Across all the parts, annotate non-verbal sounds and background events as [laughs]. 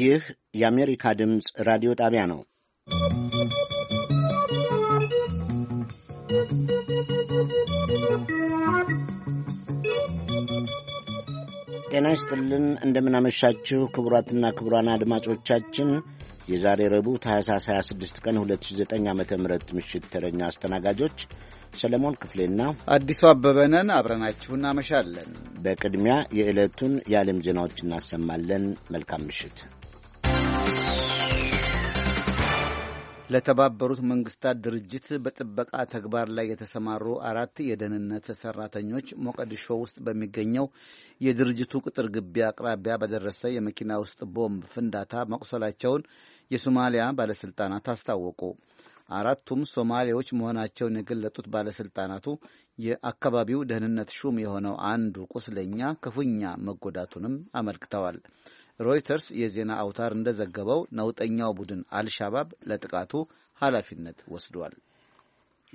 ይህ የአሜሪካ ድምፅ ራዲዮ ጣቢያ ነው። ጤና ይስጥልን፣ እንደምናመሻችሁ ክቡራትና ክቡራን አድማጮቻችን የዛሬ ረቡዕ ታህሳስ 26 ቀን 2009 ዓ ም ምሽት ተረኛ አስተናጋጆች ሰለሞን ክፍሌና አዲሱ አበበነን አብረናችሁ እናመሻለን። በቅድሚያ የዕለቱን የዓለም ዜናዎች እናሰማለን። መልካም ምሽት። ለተባበሩት መንግስታት ድርጅት በጥበቃ ተግባር ላይ የተሰማሩ አራት የደህንነት ሰራተኞች ሞቀዲሾ ውስጥ በሚገኘው የድርጅቱ ቅጥር ግቢ አቅራቢያ በደረሰ የመኪና ውስጥ ቦምብ ፍንዳታ መቁሰላቸውን የሶማሊያ ባለስልጣናት አስታወቁ። አራቱም ሶማሌዎች መሆናቸውን የገለጡት ባለስልጣናቱ የአካባቢው ደህንነት ሹም የሆነው አንዱ ቁስለኛ ክፉኛ መጎዳቱንም አመልክተዋል። ሮይተርስ የዜና አውታር እንደዘገበው ነውጠኛው ቡድን አልሻባብ ለጥቃቱ ኃላፊነት ወስዷል።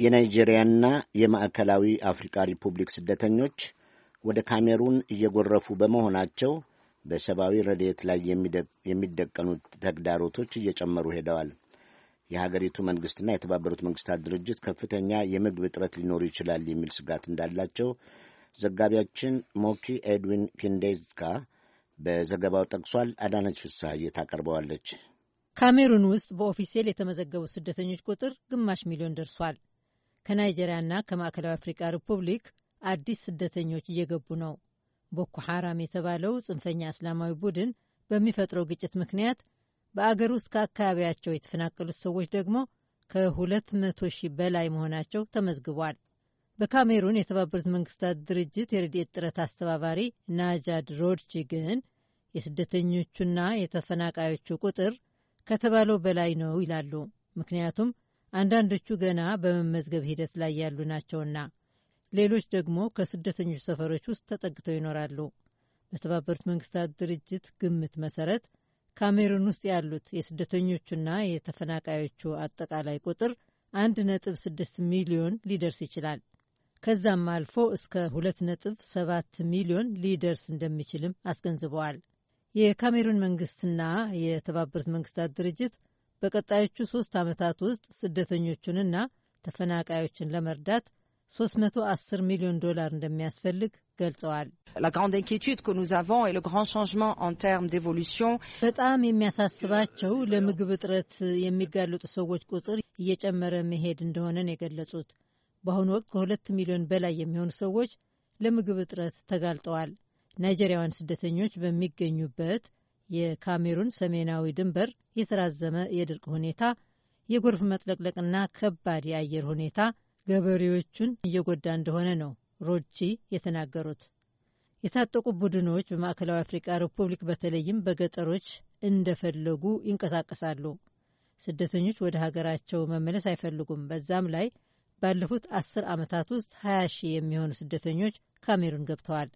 የናይጄሪያና የማዕከላዊ አፍሪካ ሪፑብሊክ ስደተኞች ወደ ካሜሩን እየጎረፉ በመሆናቸው በሰብአዊ ረድኤት ላይ የሚደቀኑት ተግዳሮቶች እየጨመሩ ሄደዋል። የሀገሪቱ መንግሥትና የተባበሩት መንግሥታት ድርጅት ከፍተኛ የምግብ እጥረት ሊኖሩ ይችላል የሚል ስጋት እንዳላቸው ዘጋቢያችን ሞኪ ኤድዊን ፒንዴዝካ በዘገባው ጠቅሷል። አዳነች ፍስሐዬ ታቀርበዋለች። ካሜሩን ውስጥ በኦፊሴል የተመዘገቡ ስደተኞች ቁጥር ግማሽ ሚሊዮን ደርሷል። ከናይጄሪያና ከማዕከላዊ አፍሪካ ሪፑብሊክ አዲስ ስደተኞች እየገቡ ነው። ቦኮ ሐራም የተባለው ጽንፈኛ እስላማዊ ቡድን በሚፈጥረው ግጭት ምክንያት በአገር ውስጥ ከአካባቢያቸው የተፈናቀሉት ሰዎች ደግሞ ከሁለት መቶ ሺህ በላይ መሆናቸው ተመዝግቧል። በካሜሩን የተባበሩት መንግስታት ድርጅት የረድኤት ጥረት አስተባባሪ ናጃድ ሮድቺ ግን የስደተኞቹና የተፈናቃዮቹ ቁጥር ከተባለው በላይ ነው ይላሉ። ምክንያቱም አንዳንዶቹ ገና በመመዝገብ ሂደት ላይ ያሉ ናቸውና፣ ሌሎች ደግሞ ከስደተኞች ሰፈሮች ውስጥ ተጠግተው ይኖራሉ። በተባበሩት መንግስታት ድርጅት ግምት መሰረት ካሜሩን ውስጥ ያሉት የስደተኞቹና የተፈናቃዮቹ አጠቃላይ ቁጥር 1.6 ሚሊዮን ሊደርስ ይችላል። ከዛም አልፎ እስከ 2.7 ሚሊዮን ሊደርስ እንደሚችልም አስገንዝበዋል። የካሜሩን መንግስትና የተባበሩት መንግስታት ድርጅት በቀጣዮቹ ሶስት ዓመታት ውስጥ ስደተኞቹንና ተፈናቃዮችን ለመርዳት 310 ሚሊዮን ዶላር እንደሚያስፈልግ ገልጸዋል። በጣም የሚያሳስባቸው ለምግብ እጥረት የሚጋለጡ ሰዎች ቁጥር እየጨመረ መሄድ እንደሆነ ነው የገለጹት። በአሁኑ ወቅት ከሁለት ሚሊዮን በላይ የሚሆኑ ሰዎች ለምግብ እጥረት ተጋልጠዋል። ናይጄሪያውያን ስደተኞች በሚገኙበት የካሜሩን ሰሜናዊ ድንበር የተራዘመ የድርቅ ሁኔታ፣ የጎርፍ መጥለቅለቅና ከባድ የአየር ሁኔታ ገበሬዎቹን እየጎዳ እንደሆነ ነው ሮቺ የተናገሩት። የታጠቁ ቡድኖች በማዕከላዊ አፍሪቃ ሪፑብሊክ በተለይም በገጠሮች እንደፈለጉ ይንቀሳቀሳሉ። ስደተኞች ወደ ሀገራቸው መመለስ አይፈልጉም። በዛም ላይ ባለፉት አስር ዓመታት ውስጥ 20 ሺህ የሚሆኑ ስደተኞች ካሜሩን ገብተዋል።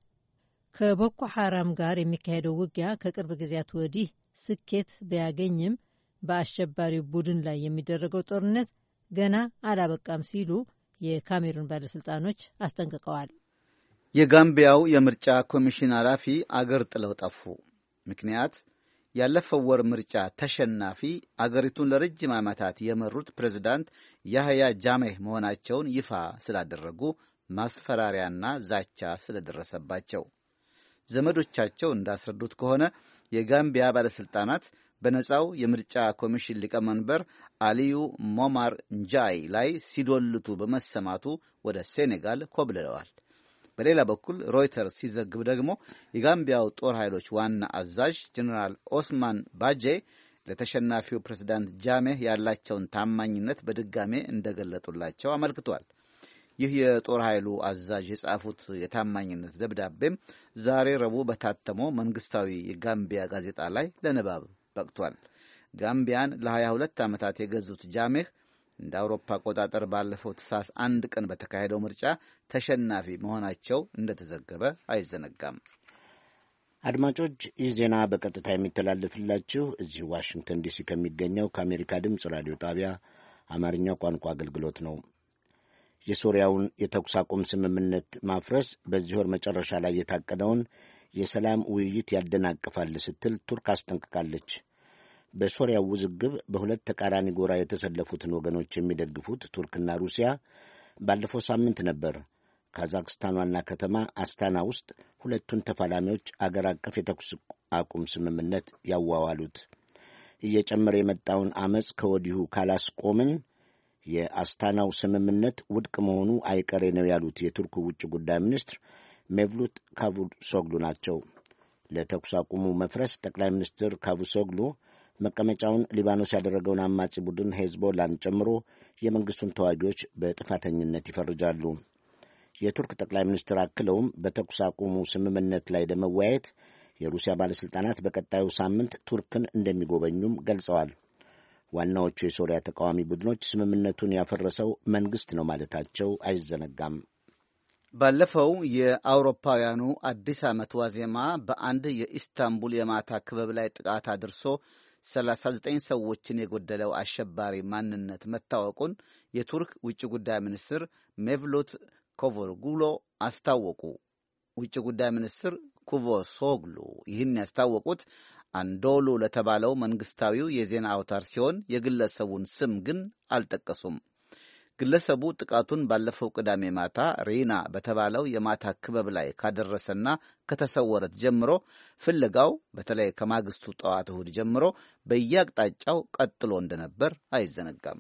ከቦኮ ሐራም ጋር የሚካሄደው ውጊያ ከቅርብ ጊዜያት ወዲህ ስኬት ቢያገኝም በአሸባሪው ቡድን ላይ የሚደረገው ጦርነት ገና አላበቃም ሲሉ የካሜሩን ባለሥልጣኖች አስጠንቅቀዋል። የጋምቢያው የምርጫ ኮሚሽን ኃላፊ አገር ጥለው ጠፉ። ምክንያት ያለፈው ወር ምርጫ ተሸናፊ አገሪቱን ለረጅም ዓመታት የመሩት ፕሬዝዳንት ያህያ ጃሜህ መሆናቸውን ይፋ ስላደረጉ ማስፈራሪያና ዛቻ ስለደረሰባቸው ዘመዶቻቸው እንዳስረዱት ከሆነ የጋምቢያ ባለሥልጣናት በነፃው የምርጫ ኮሚሽን ሊቀመንበር አሊዩ ሞማር ንጃይ ላይ ሲዶልቱ በመሰማቱ ወደ ሴኔጋል ኮብልለዋል። በሌላ በኩል ሮይተርስ ሲዘግብ ደግሞ የጋምቢያው ጦር ኃይሎች ዋና አዛዥ ጀኔራል ኦስማን ባጄ ለተሸናፊው ፕሬዝዳንት ጃሜህ ያላቸውን ታማኝነት በድጋሜ እንደገለጡላቸው አመልክቷል። ይህ የጦር ኃይሉ አዛዥ የጻፉት የታማኝነት ደብዳቤም ዛሬ ረቡዕ በታተሞ መንግስታዊ የጋምቢያ ጋዜጣ ላይ ለንባብ በቅቷል። ጋምቢያን ለ22 ዓመታት የገዙት ጃሜህ እንደ አውሮፓ አቆጣጠር ባለፈው ትሳስ አንድ ቀን በተካሄደው ምርጫ ተሸናፊ መሆናቸው እንደተዘገበ አይዘነጋም። አድማጮች ይህ ዜና በቀጥታ የሚተላለፍላችሁ እዚህ ዋሽንግተን ዲሲ ከሚገኘው ከአሜሪካ ድምፅ ራዲዮ ጣቢያ አማርኛ ቋንቋ አገልግሎት ነው። የሶሪያውን የተኩስ አቁም ስምምነት ማፍረስ በዚህ ወር መጨረሻ ላይ የታቀደውን የሰላም ውይይት ያደናቅፋል ስትል ቱርክ አስጠንቅቃለች። በሶሪያው ውዝግብ በሁለት ተቃራኒ ጎራ የተሰለፉትን ወገኖች የሚደግፉት ቱርክና ሩሲያ ባለፈው ሳምንት ነበር ካዛክስታን ዋና ከተማ አስታና ውስጥ ሁለቱን ተፋላሚዎች አገር አቀፍ የተኩስ አቁም ስምምነት ያዋዋሉት። እየጨመረ የመጣውን አመፅ ከወዲሁ ካላስቆምን የአስታናው ስምምነት ውድቅ መሆኑ አይቀሬ ነው ያሉት የቱርኩ ውጭ ጉዳይ ሚኒስትር ሜቭሉት ካቡሶግሉ ናቸው። ለተኩስ አቁሙ መፍረስ ጠቅላይ ሚኒስትር ካቡሶግሉ መቀመጫውን ሊባኖስ ያደረገውን አማጺ ቡድን ሄዝቦላን ጨምሮ የመንግስቱን ተዋጊዎች በጥፋተኝነት ይፈርጃሉ። የቱርክ ጠቅላይ ሚኒስትር አክለውም በተኩስ አቁሙ ስምምነት ላይ ለመወያየት የሩሲያ ባለሥልጣናት በቀጣዩ ሳምንት ቱርክን እንደሚጎበኙም ገልጸዋል። ዋናዎቹ የሶሪያ ተቃዋሚ ቡድኖች ስምምነቱን ያፈረሰው መንግሥት ነው ማለታቸው አይዘነጋም። ባለፈው የአውሮፓውያኑ አዲስ ዓመት ዋዜማ በአንድ የኢስታንቡል የማታ ክበብ ላይ ጥቃት አድርሶ 39 ሰዎችን የጎደለው አሸባሪ ማንነት መታወቁን የቱርክ ውጭ ጉዳይ ሚኒስትር ሜቭሎት ኮቮርጉሎ አስታወቁ። ውጭ ጉዳይ ሚኒስትር ኩቮሶግሉ ይህን ያስታወቁት አንዶሉ ለተባለው መንግስታዊው የዜና አውታር ሲሆን የግለሰቡን ስም ግን አልጠቀሱም። ግለሰቡ ጥቃቱን ባለፈው ቅዳሜ ማታ ሪና በተባለው የማታ ክበብ ላይ ካደረሰና ከተሰወረት ጀምሮ ፍለጋው በተለይ ከማግስቱ ጠዋት እሁድ ጀምሮ በየአቅጣጫው ቀጥሎ እንደነበር አይዘነጋም።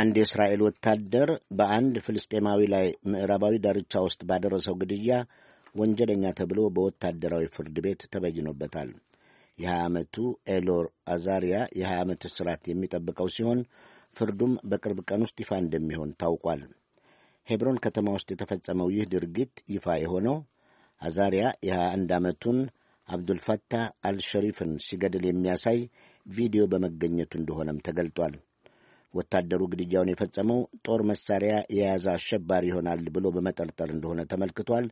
አንድ የእስራኤል ወታደር በአንድ ፍልስጤማዊ ላይ ምዕራባዊ ዳርቻ ውስጥ ባደረሰው ግድያ ወንጀለኛ ተብሎ በወታደራዊ ፍርድ ቤት ተበይኖበታል። የ20 ዓመቱ ኤሎር አዛሪያ የ20 ዓመት እስራት የሚጠብቀው ሲሆን ፍርዱም በቅርብ ቀን ውስጥ ይፋ እንደሚሆን ታውቋል። ሄብሮን ከተማ ውስጥ የተፈጸመው ይህ ድርጊት ይፋ የሆነው አዛሪያ የ21 ዓመቱን አብዱልፈታህ አልሸሪፍን ሲገድል የሚያሳይ ቪዲዮ በመገኘቱ እንደሆነም ተገልጧል። ወታደሩ ግድያውን የፈጸመው ጦር መሳሪያ የያዘ አሸባሪ ይሆናል ብሎ በመጠርጠር እንደሆነ ተመልክቷል።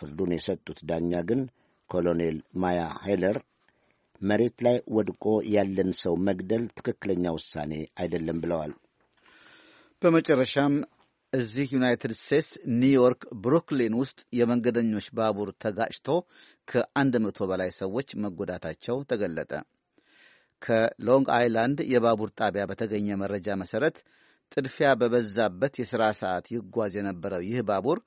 ፍርዱን የሰጡት ዳኛ ግን ኮሎኔል ማያ ሄለር መሬት ላይ ወድቆ ያለን ሰው መግደል ትክክለኛ ውሳኔ አይደለም ብለዋል። በመጨረሻም እዚህ ዩናይትድ ስቴትስ ኒውዮርክ ብሩክሊን ውስጥ የመንገደኞች ባቡር ተጋጭቶ ከአንድ መቶ በላይ ሰዎች መጎዳታቸው ተገለጠ። ከሎንግ አይላንድ የባቡር ጣቢያ በተገኘ መረጃ መሠረት ጥድፊያ በበዛበት የሥራ ሰዓት ይጓዝ የነበረው ይህ ባቡር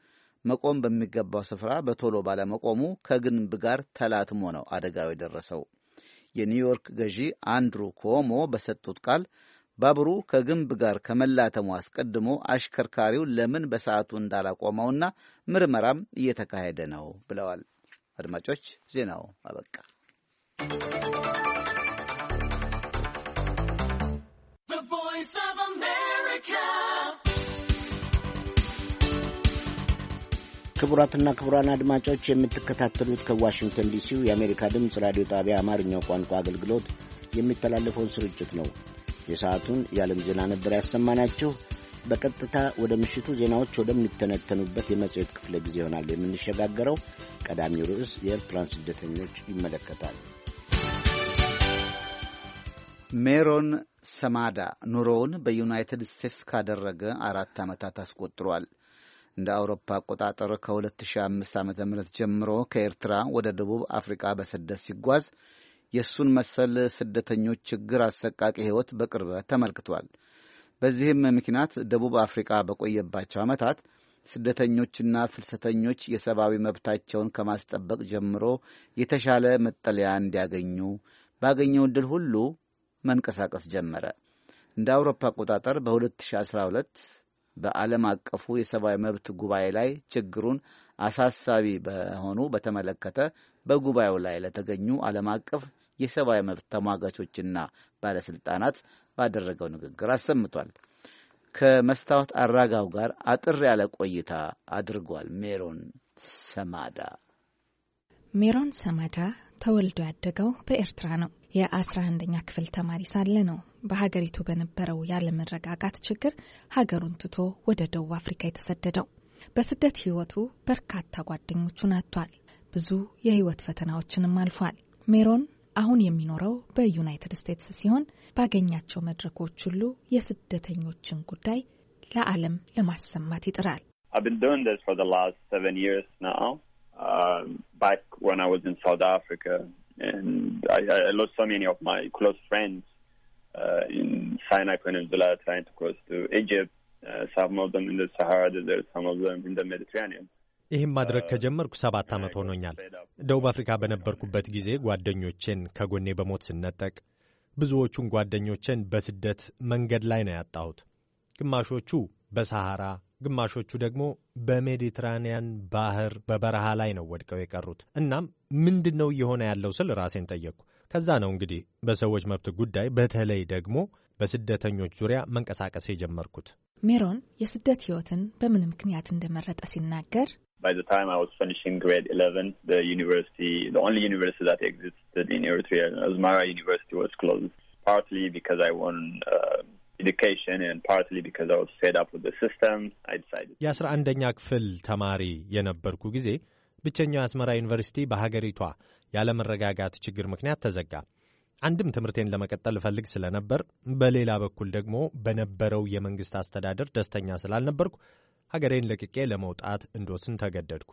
መቆም በሚገባው ስፍራ በቶሎ ባለመቆሙ ከግንብ ጋር ተላትሞ ነው አደጋው የደረሰው። የኒውዮርክ ገዢ አንድሩ ኮሞ በሰጡት ቃል ባቡሩ ከግንብ ጋር ከመላተሙ አስቀድሞ አሽከርካሪው ለምን በሰዓቱ እንዳላቆመውና ምርመራም እየተካሄደ ነው ብለዋል። አድማጮች ዜናው አበቃ። ክቡራትና ክቡራን አድማጮች የምትከታተሉት ከዋሽንግተን ዲሲው የአሜሪካ ድምፅ ራዲዮ ጣቢያ አማርኛው ቋንቋ አገልግሎት የሚተላለፈውን ስርጭት ነው። የሰዓቱን የዓለም ዜና ነበር ያሰማናችሁ። በቀጥታ ወደ ምሽቱ ዜናዎች ወደሚተነተኑበት የመጽሔት ክፍለ ጊዜ ይሆናል የምንሸጋገረው። ቀዳሚው ርዕስ የኤርትራን ስደተኞች ይመለከታል። ሜሮን ሰማዳ ኑሮውን በዩናይትድ ስቴትስ ካደረገ አራት ዓመታት አስቆጥሯል። እንደ አውሮፓ አቆጣጠር ከ2005 ዓ ም ጀምሮ ከኤርትራ ወደ ደቡብ አፍሪቃ በስደት ሲጓዝ የእሱን መሰል ስደተኞች ችግር አሰቃቂ ሕይወት በቅርበት ተመልክቷል። በዚህም ምክንያት ደቡብ አፍሪቃ በቆየባቸው ዓመታት ስደተኞችና ፍልሰተኞች የሰብአዊ መብታቸውን ከማስጠበቅ ጀምሮ የተሻለ መጠለያ እንዲያገኙ ባገኘው ዕድል ሁሉ መንቀሳቀስ ጀመረ። እንደ አውሮፓ አቆጣጠር በ2012 በዓለም አቀፉ የሰብአዊ መብት ጉባኤ ላይ ችግሩን አሳሳቢ በሆኑ በተመለከተ በጉባኤው ላይ ለተገኙ ዓለም አቀፍ የሰብአዊ መብት ተሟጋቾችና ባለስልጣናት ባደረገው ንግግር አሰምቷል። ከመስታወት አራጋው ጋር አጥር ያለ ቆይታ አድርጓል። ሜሮን ሰማዳ ሜሮን ሰማዳ ተወልዶ ያደገው በኤርትራ ነው። የአስራ አንደኛ ክፍል ተማሪ ሳለ ነው በሀገሪቱ በነበረው ያለመረጋጋት ችግር ሀገሩን ትቶ ወደ ደቡብ አፍሪካ የተሰደደው። በስደት ህይወቱ በርካታ ጓደኞቹን አጥቷል። ብዙ የህይወት ፈተናዎችንም አልፏል። ሜሮን አሁን የሚኖረው በዩናይትድ ስቴትስ ሲሆን ባገኛቸው መድረኮች ሁሉ የስደተኞችን ጉዳይ ለዓለም ለማሰማት ይጥራል። ባክ ወን አይ ዋዝ ኢን ሳውዝ አፍሪካ ኤንድ ሶ ሜኒ ኦፍ ማይ ክሎዝ ፍሬንድስ Uh, in Sinai Peninsula trying to cross to Egypt, uh, some of them in the Sahara Desert, some of them in the Mediterranean. ይህም ማድረግ uh, ከጀመርኩ ሰባት ዓመት ሆኖኛል። ደቡብ አፍሪካ በነበርኩበት ጊዜ ጓደኞቼን ከጎኔ በሞት ስነጠቅ ብዙዎቹን ጓደኞቼን በስደት መንገድ ላይ ነው ያጣሁት። ግማሾቹ በሰሐራ ግማሾቹ ደግሞ በሜዲትራንያን ባህር በበረሃ ላይ ነው ወድቀው የቀሩት። እናም ምንድን ነው እየሆነ ያለው ስል ራሴን ጠየቅኩ። ከዛ ነው እንግዲህ በሰዎች መብት ጉዳይ በተለይ ደግሞ በስደተኞች ዙሪያ መንቀሳቀስ የጀመርኩት። ሜሮን የስደት ህይወትን በምን ምክንያት እንደመረጠ ሲናገር By the time I was finishing grade 11, the university, the only university that existed in Eritrea, Asmara University, was closed. Partly because I won uh, education and partly because I was fed up with the system, I decided. የአስራ አንደኛ ክፍል ተማሪ የነበርኩ ጊዜ ብቸኛው የአስመራ ዩኒቨርሲቲ በሀገሪቷ ያለመረጋጋት ችግር ምክንያት ተዘጋ። አንድም ትምህርቴን ለመቀጠል እፈልግ ስለነበር፣ በሌላ በኩል ደግሞ በነበረው የመንግስት አስተዳደር ደስተኛ ስላልነበርኩ ሀገሬን ለቅቄ ለመውጣት እንዶስን ተገደድኩ።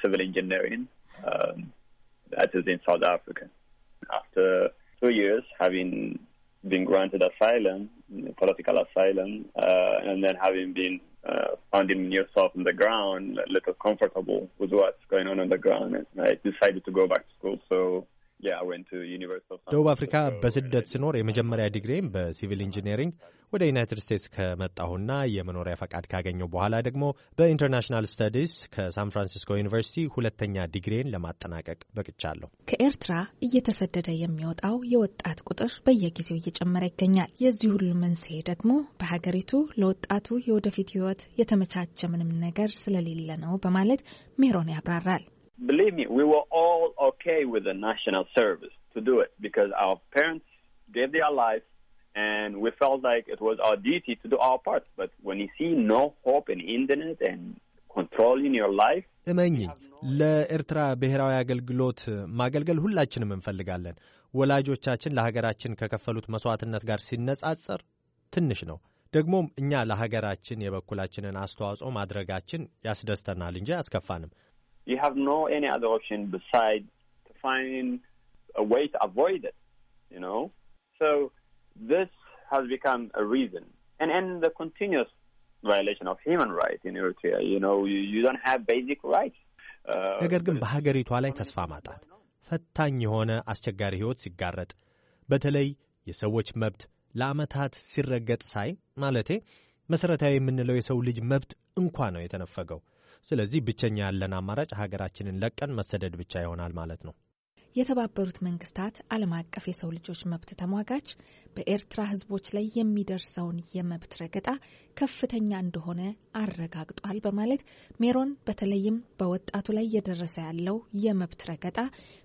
ሲቪል Being granted asylum, political asylum, uh, and then having been uh, finding yourself on the ground, a little comfortable with what's going on on the ground, and I decided to go back to school. So ደቡብ አፍሪካ በስደት ስኖር የመጀመሪያ ዲግሪም በሲቪል ኢንጂነሪንግ ወደ ዩናይትድ ስቴትስ ከመጣሁና የመኖሪያ ፈቃድ ካገኘው በኋላ ደግሞ በኢንተርናሽናል ስተዲስ ከሳን ፍራንሲስኮ ዩኒቨርሲቲ ሁለተኛ ዲግሪን ለማጠናቀቅ በቅቻለሁ። ከኤርትራ እየተሰደደ የሚወጣው የወጣት ቁጥር በየጊዜው እየጨመረ ይገኛል። የዚህ ሁሉ መንስኤ ደግሞ በሀገሪቱ ለወጣቱ የወደፊት ሕይወት የተመቻቸ ምንም ነገር ስለሌለ ነው በማለት ሜሮን ያብራራል። believe me, we were all okay with the national service to do it because our parents gave their life and we felt like it was our duty to do our part. But when you see no hope in internet and controlling your life, እመኝኝ ለኤርትራ ብሔራዊ አገልግሎት ማገልገል ሁላችንም እንፈልጋለን። ወላጆቻችን ለሀገራችን ከከፈሉት መሥዋዕትነት ጋር ሲነጻጸር ትንሽ ነው። ደግሞም እኛ ለሀገራችን የበኩላችንን አስተዋጽኦ ማድረጋችን ያስደስተናል እንጂ አያስከፋንም። you have no any other option besides to find a way to avoid it, you know? So this has become a reason. And, and the continuous violation of human rights in Eritrea, you know, you, you don't have basic rights. ነገር ግን በሀገሪቷ ላይ ተስፋ ማጣት ፈታኝ የሆነ አስቸጋሪ ሕይወት ሲጋረጥ በተለይ የሰዎች መብት ለዓመታት ሲረገጥ ሳይ ማለቴ መሠረታዊ የምንለው የሰው ልጅ መብት እንኳ ነው የተነፈገው። ስለዚህ ብቸኛ ያለን አማራጭ ሀገራችንን ለቀን መሰደድ ብቻ ይሆናል ማለት ነው። የተባበሩት መንግስታት ዓለም አቀፍ የሰው ልጆች መብት ተሟጋች በኤርትራ ህዝቦች ላይ የሚደርሰውን የመብት ረገጣ ከፍተኛ እንደሆነ አረጋግጧል በማለት ሜሮን በተለይም በወጣቱ ላይ እየደረሰ ያለው የመብት ረገጣ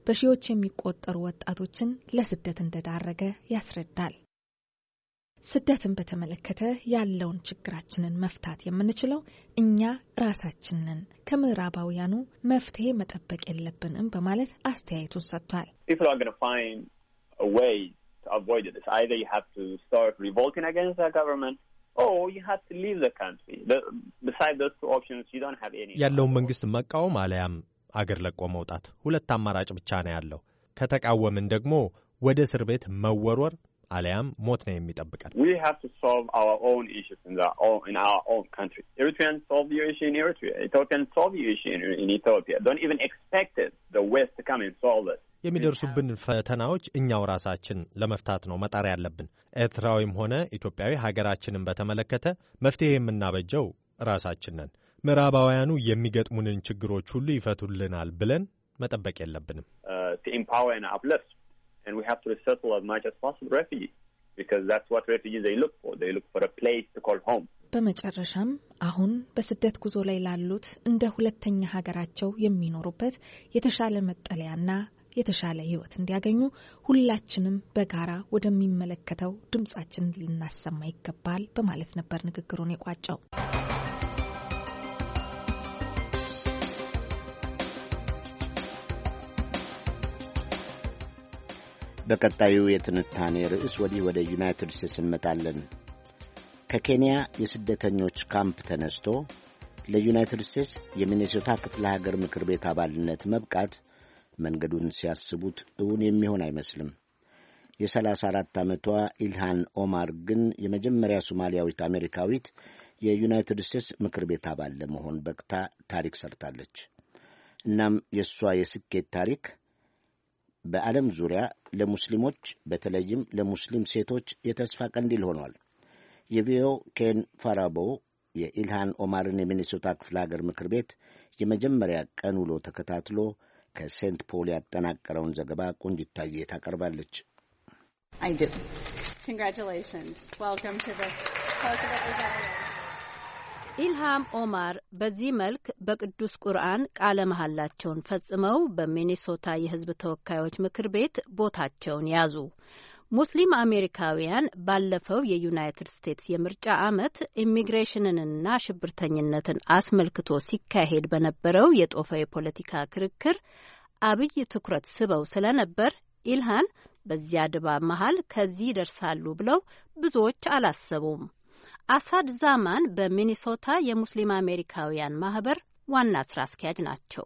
በሺዎች የሚቆጠሩ ወጣቶችን ለስደት እንደዳረገ ያስረዳል። ስደትን በተመለከተ ያለውን ችግራችንን መፍታት የምንችለው እኛ ራሳችንን ከምዕራባውያኑ መፍትሄ መጠበቅ የለብንም በማለት አስተያየቱን ሰጥቷል። ያለውን መንግስት መቃወም አለያም አገር ለቆ መውጣት፣ ሁለት አማራጭ ብቻ ነው ያለው። ከተቃወምን ደግሞ ወደ እስር ቤት መወርወር አሊያም ሞት ነው የሚጠብቀን። የሚደርሱብን ፈተናዎች እኛው ራሳችን ለመፍታት ነው መጣር ያለብን። ኤርትራዊም ሆነ ኢትዮጵያዊ ሀገራችንን በተመለከተ መፍትሄ የምናበጀው ራሳችን ነን። ምዕራባውያኑ የሚገጥሙንን ችግሮች ሁሉ ይፈቱልናል ብለን መጠበቅ የለብንም። uh, and we have to resettle as much as possible refugees because that's what refugees they look for. They look for a place to call home. በመጨረሻም አሁን በስደት ጉዞ ላይ ላሉት እንደ ሁለተኛ ሀገራቸው የሚኖሩበት የተሻለ መጠለያና የተሻለ ሕይወት እንዲያገኙ ሁላችንም በጋራ ወደሚመለከተው ድምጻችን ልናሰማ ይገባል በማለት ነበር ንግግሩን የቋጨው። በቀጣዩ የትንታኔ ርዕስ ወዲህ ወደ ዩናይትድ ስቴትስ እንመጣለን። ከኬንያ የስደተኞች ካምፕ ተነስቶ ለዩናይትድ ስቴትስ የሚኔሶታ ክፍለ ሀገር ምክር ቤት አባልነት መብቃት መንገዱን ሲያስቡት እውን የሚሆን አይመስልም። የ34 ዓመቷ ኢልሃን ኦማር ግን የመጀመሪያ ሶማሊያዊት አሜሪካዊት የዩናይትድ ስቴትስ ምክር ቤት አባል ለመሆን በቅታ ታሪክ ሰርታለች። እናም የእሷ የስኬት ታሪክ በዓለም ዙሪያ ለሙስሊሞች በተለይም ለሙስሊም ሴቶች የተስፋ ቀንዲል ሆኗል። የቪዮ ኬን ፋራቦ የኢልሃን ኦማርን የሚኒሶታ ክፍለ ሀገር ምክር ቤት የመጀመሪያ ቀን ውሎ ተከታትሎ ከሴንት ፖል ያጠናቀረውን ዘገባ ቆንጅታዬ ታቀርባለች። Congratulations. Welcome to the House of Representatives. ኢልሃም ኦማር በዚህ መልክ በቅዱስ ቁርአን ቃለ መሐላቸውን ፈጽመው በሚኒሶታ የሕዝብ ተወካዮች ምክር ቤት ቦታቸውን ያዙ። ሙስሊም አሜሪካውያን ባለፈው የዩናይትድ ስቴትስ የምርጫ ዓመት ኢሚግሬሽንንና ሽብርተኝነትን አስመልክቶ ሲካሄድ በነበረው የጦፈ የፖለቲካ ክርክር አብይ ትኩረት ስበው ስለነበር ኢልሃን በዚያ ድባብ መሀል ከዚህ ይደርሳሉ ብለው ብዙዎች አላሰቡም። አሳድ ዛማን በሚኒሶታ የሙስሊም አሜሪካውያን ማህበር ዋና ስራ አስኪያጅ ናቸው።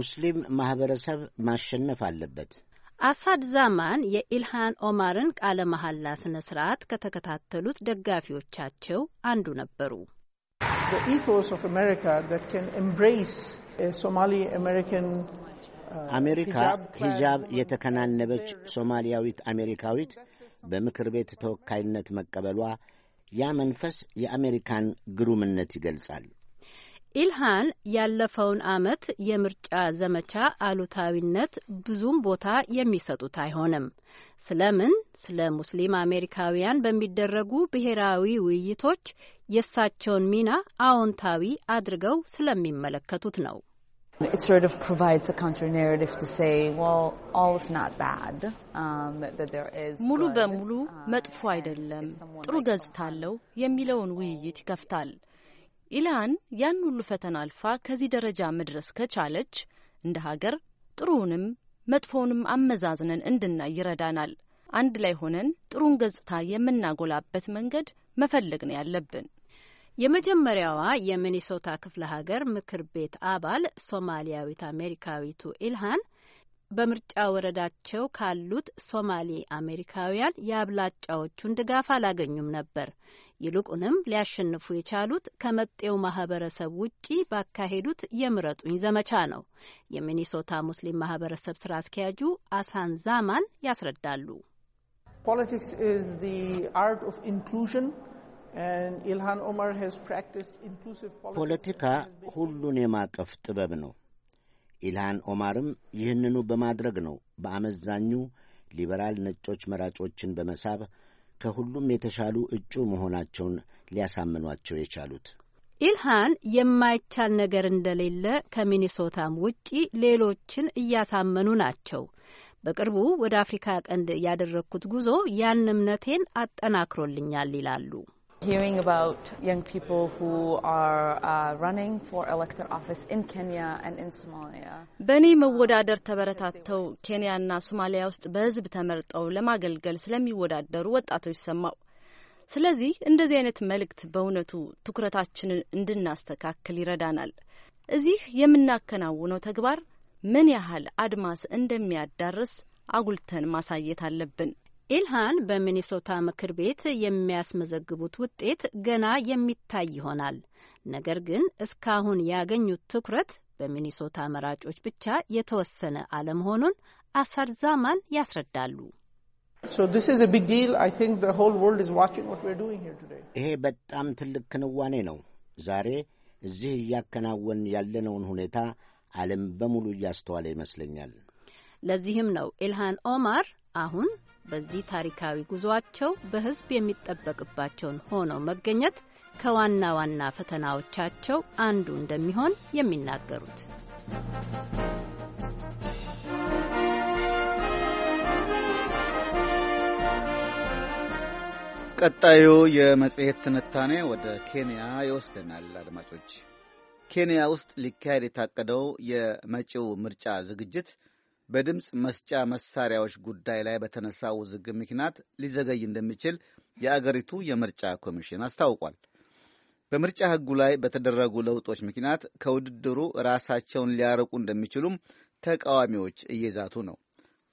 ሙስሊም ማህበረሰብ ማሸነፍ አለበት። አሳድ ዛማን የኢልሃን ኦማርን ቃለ መሐላ ስነ ስርዓት ከተከታተሉት ደጋፊዎቻቸው አንዱ ነበሩ። uh, አሜሪካ ሂጃብ የተከናነበች ሶማሊያዊት አሜሪካዊት በምክር ቤት ተወካይነት መቀበሏ ያ መንፈስ የአሜሪካን ግሩምነት ይገልጻል። ኢልሃን ያለፈውን ዓመት የምርጫ ዘመቻ አሉታዊነት ብዙም ቦታ የሚሰጡት አይሆንም። ስለምን? ስለ ሙስሊም አሜሪካውያን በሚደረጉ ብሔራዊ ውይይቶች የእሳቸውን ሚና አዎንታዊ አድርገው ስለሚመለከቱት ነው። ሙሉ በሙሉ መጥፎ አይደለም፣ ጥሩ ገጽታ አለው የሚለውን ውይይት ይከፍታል። ኢላን ያን ሁሉ ፈተና አልፋ ከዚህ ደረጃ መድረስ ከቻለች እንደ ሀገር ጥሩውንም መጥፎውንም አመዛዝነን እንድናይ ይረዳናል። አንድ ላይ ሆነን ጥሩን ገጽታ የምናጎላበት መንገድ መፈለግ ነው ያለብን። የመጀመሪያዋ የሚኒሶታ ክፍለ ሀገር ምክር ቤት አባል ሶማሊያዊት አሜሪካዊቱ ኢልሃን በምርጫ ወረዳቸው ካሉት ሶማሌ አሜሪካውያን የአብላጫዎቹን ድጋፍ አላገኙም ነበር። ይልቁንም ሊያሸንፉ የቻሉት ከመጤው ማህበረሰብ ውጪ ባካሄዱት የምረጡኝ ዘመቻ ነው። የሚኒሶታ ሙስሊም ማህበረሰብ ስራ አስኪያጁ አሳን ዛማን ያስረዳሉ። ፖለቲክስ ኢዝ ዘ አርት ኦፍ ኢንክሉዥን ፖለቲካ ሁሉን የማቀፍ ጥበብ ነው። ኢልሃን ኦማርም ይህንኑ በማድረግ ነው በአመዛኙ ሊበራል ነጮች መራጮችን በመሳብ ከሁሉም የተሻሉ እጩ መሆናቸውን ሊያሳምኗቸው የቻሉት። ኢልሃን የማይቻል ነገር እንደሌለ ከሚኒሶታም ውጪ ሌሎችን እያሳመኑ ናቸው። በቅርቡ ወደ አፍሪካ ቀንድ ያደረግኩት ጉዞ ያን እምነቴን አጠናክሮልኛል ይላሉ። Hearing about young people who are uh, running for elected office in Kenya and in Somalia. በእኔ መወዳደር ተበረታተው ኬንያና ሶማሊያ ውስጥ በህዝብ ተመርጠው ለማገልገል ስለሚወዳደሩ ወጣቶች ሰማው። ስለዚህ እንደዚህ አይነት መልእክት በእውነቱ ትኩረታችንን እንድናስተካክል ይረዳናል። እዚህ የምናከናውነው ተግባር ምን ያህል አድማስ እንደሚያዳርስ አጉልተን ማሳየት አለብን። ኢልሃን በሚኒሶታ ምክር ቤት የሚያስመዘግቡት ውጤት ገና የሚታይ ይሆናል። ነገር ግን እስካሁን ያገኙት ትኩረት በሚኒሶታ መራጮች ብቻ የተወሰነ አለመሆኑን አሳድ ዛማን ያስረዳሉ። ይሄ በጣም ትልቅ ክንዋኔ ነው። ዛሬ እዚህ እያከናወን ያለነውን ሁኔታ ዓለም በሙሉ እያስተዋለ ይመስለኛል። ለዚህም ነው ኢልሃን ኦማር አሁን በዚህ ታሪካዊ ጉዟቸው በሕዝብ የሚጠበቅባቸውን ሆነው መገኘት ከዋና ዋና ፈተናዎቻቸው አንዱ እንደሚሆን የሚናገሩት ቀጣዩ የመጽሔት ትንታኔ ወደ ኬንያ ይወስደናል። አድማጮች ኬንያ ውስጥ ሊካሄድ የታቀደው የመጪው ምርጫ ዝግጅት በድምፅ መስጫ መሳሪያዎች ጉዳይ ላይ በተነሳ ውዝግብ ምክንያት ሊዘገይ እንደሚችል የአገሪቱ የምርጫ ኮሚሽን አስታውቋል። በምርጫ ሕጉ ላይ በተደረጉ ለውጦች ምክንያት ከውድድሩ ራሳቸውን ሊያርቁ እንደሚችሉም ተቃዋሚዎች እየዛቱ ነው።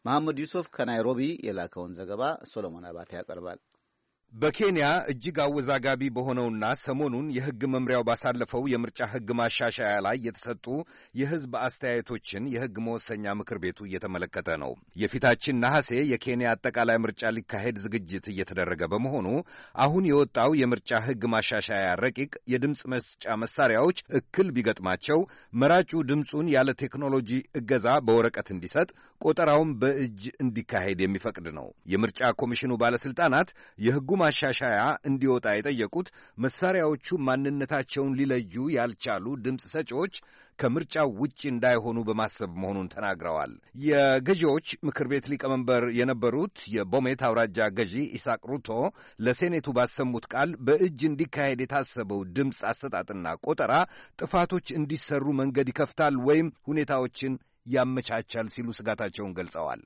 መሐመድ ዩሱፍ ከናይሮቢ የላከውን ዘገባ ሶሎሞን አባቴ ያቀርባል። በኬንያ እጅግ አወዛጋቢ በሆነውና ሰሞኑን የሕግ መምሪያው ባሳለፈው የምርጫ ሕግ ማሻሻያ ላይ የተሰጡ የሕዝብ አስተያየቶችን የሕግ መወሰኛ ምክር ቤቱ እየተመለከተ ነው። የፊታችን ነሐሴ የኬንያ አጠቃላይ ምርጫ ሊካሄድ ዝግጅት እየተደረገ በመሆኑ አሁን የወጣው የምርጫ ሕግ ማሻሻያ ረቂቅ የድምፅ መስጫ መሳሪያዎች እክል ቢገጥማቸው መራጩ ድምፁን ያለ ቴክኖሎጂ እገዛ በወረቀት እንዲሰጥ፣ ቆጠራውም በእጅ እንዲካሄድ የሚፈቅድ ነው። የምርጫ ኮሚሽኑ ባለሥልጣናት የሕጉ ማሻሻያ እንዲወጣ የጠየቁት መሳሪያዎቹ ማንነታቸውን ሊለዩ ያልቻሉ ድምፅ ሰጪዎች ከምርጫው ውጭ እንዳይሆኑ በማሰብ መሆኑን ተናግረዋል። የገዢዎች ምክር ቤት ሊቀመንበር የነበሩት የቦሜት አውራጃ ገዢ ኢሳቅ ሩቶ ለሴኔቱ ባሰሙት ቃል በእጅ እንዲካሄድ የታሰበው ድምፅ አሰጣጥና ቆጠራ ጥፋቶች እንዲሰሩ መንገድ ይከፍታል ወይም ሁኔታዎችን ያመቻቻል ሲሉ ስጋታቸውን ገልጸዋል።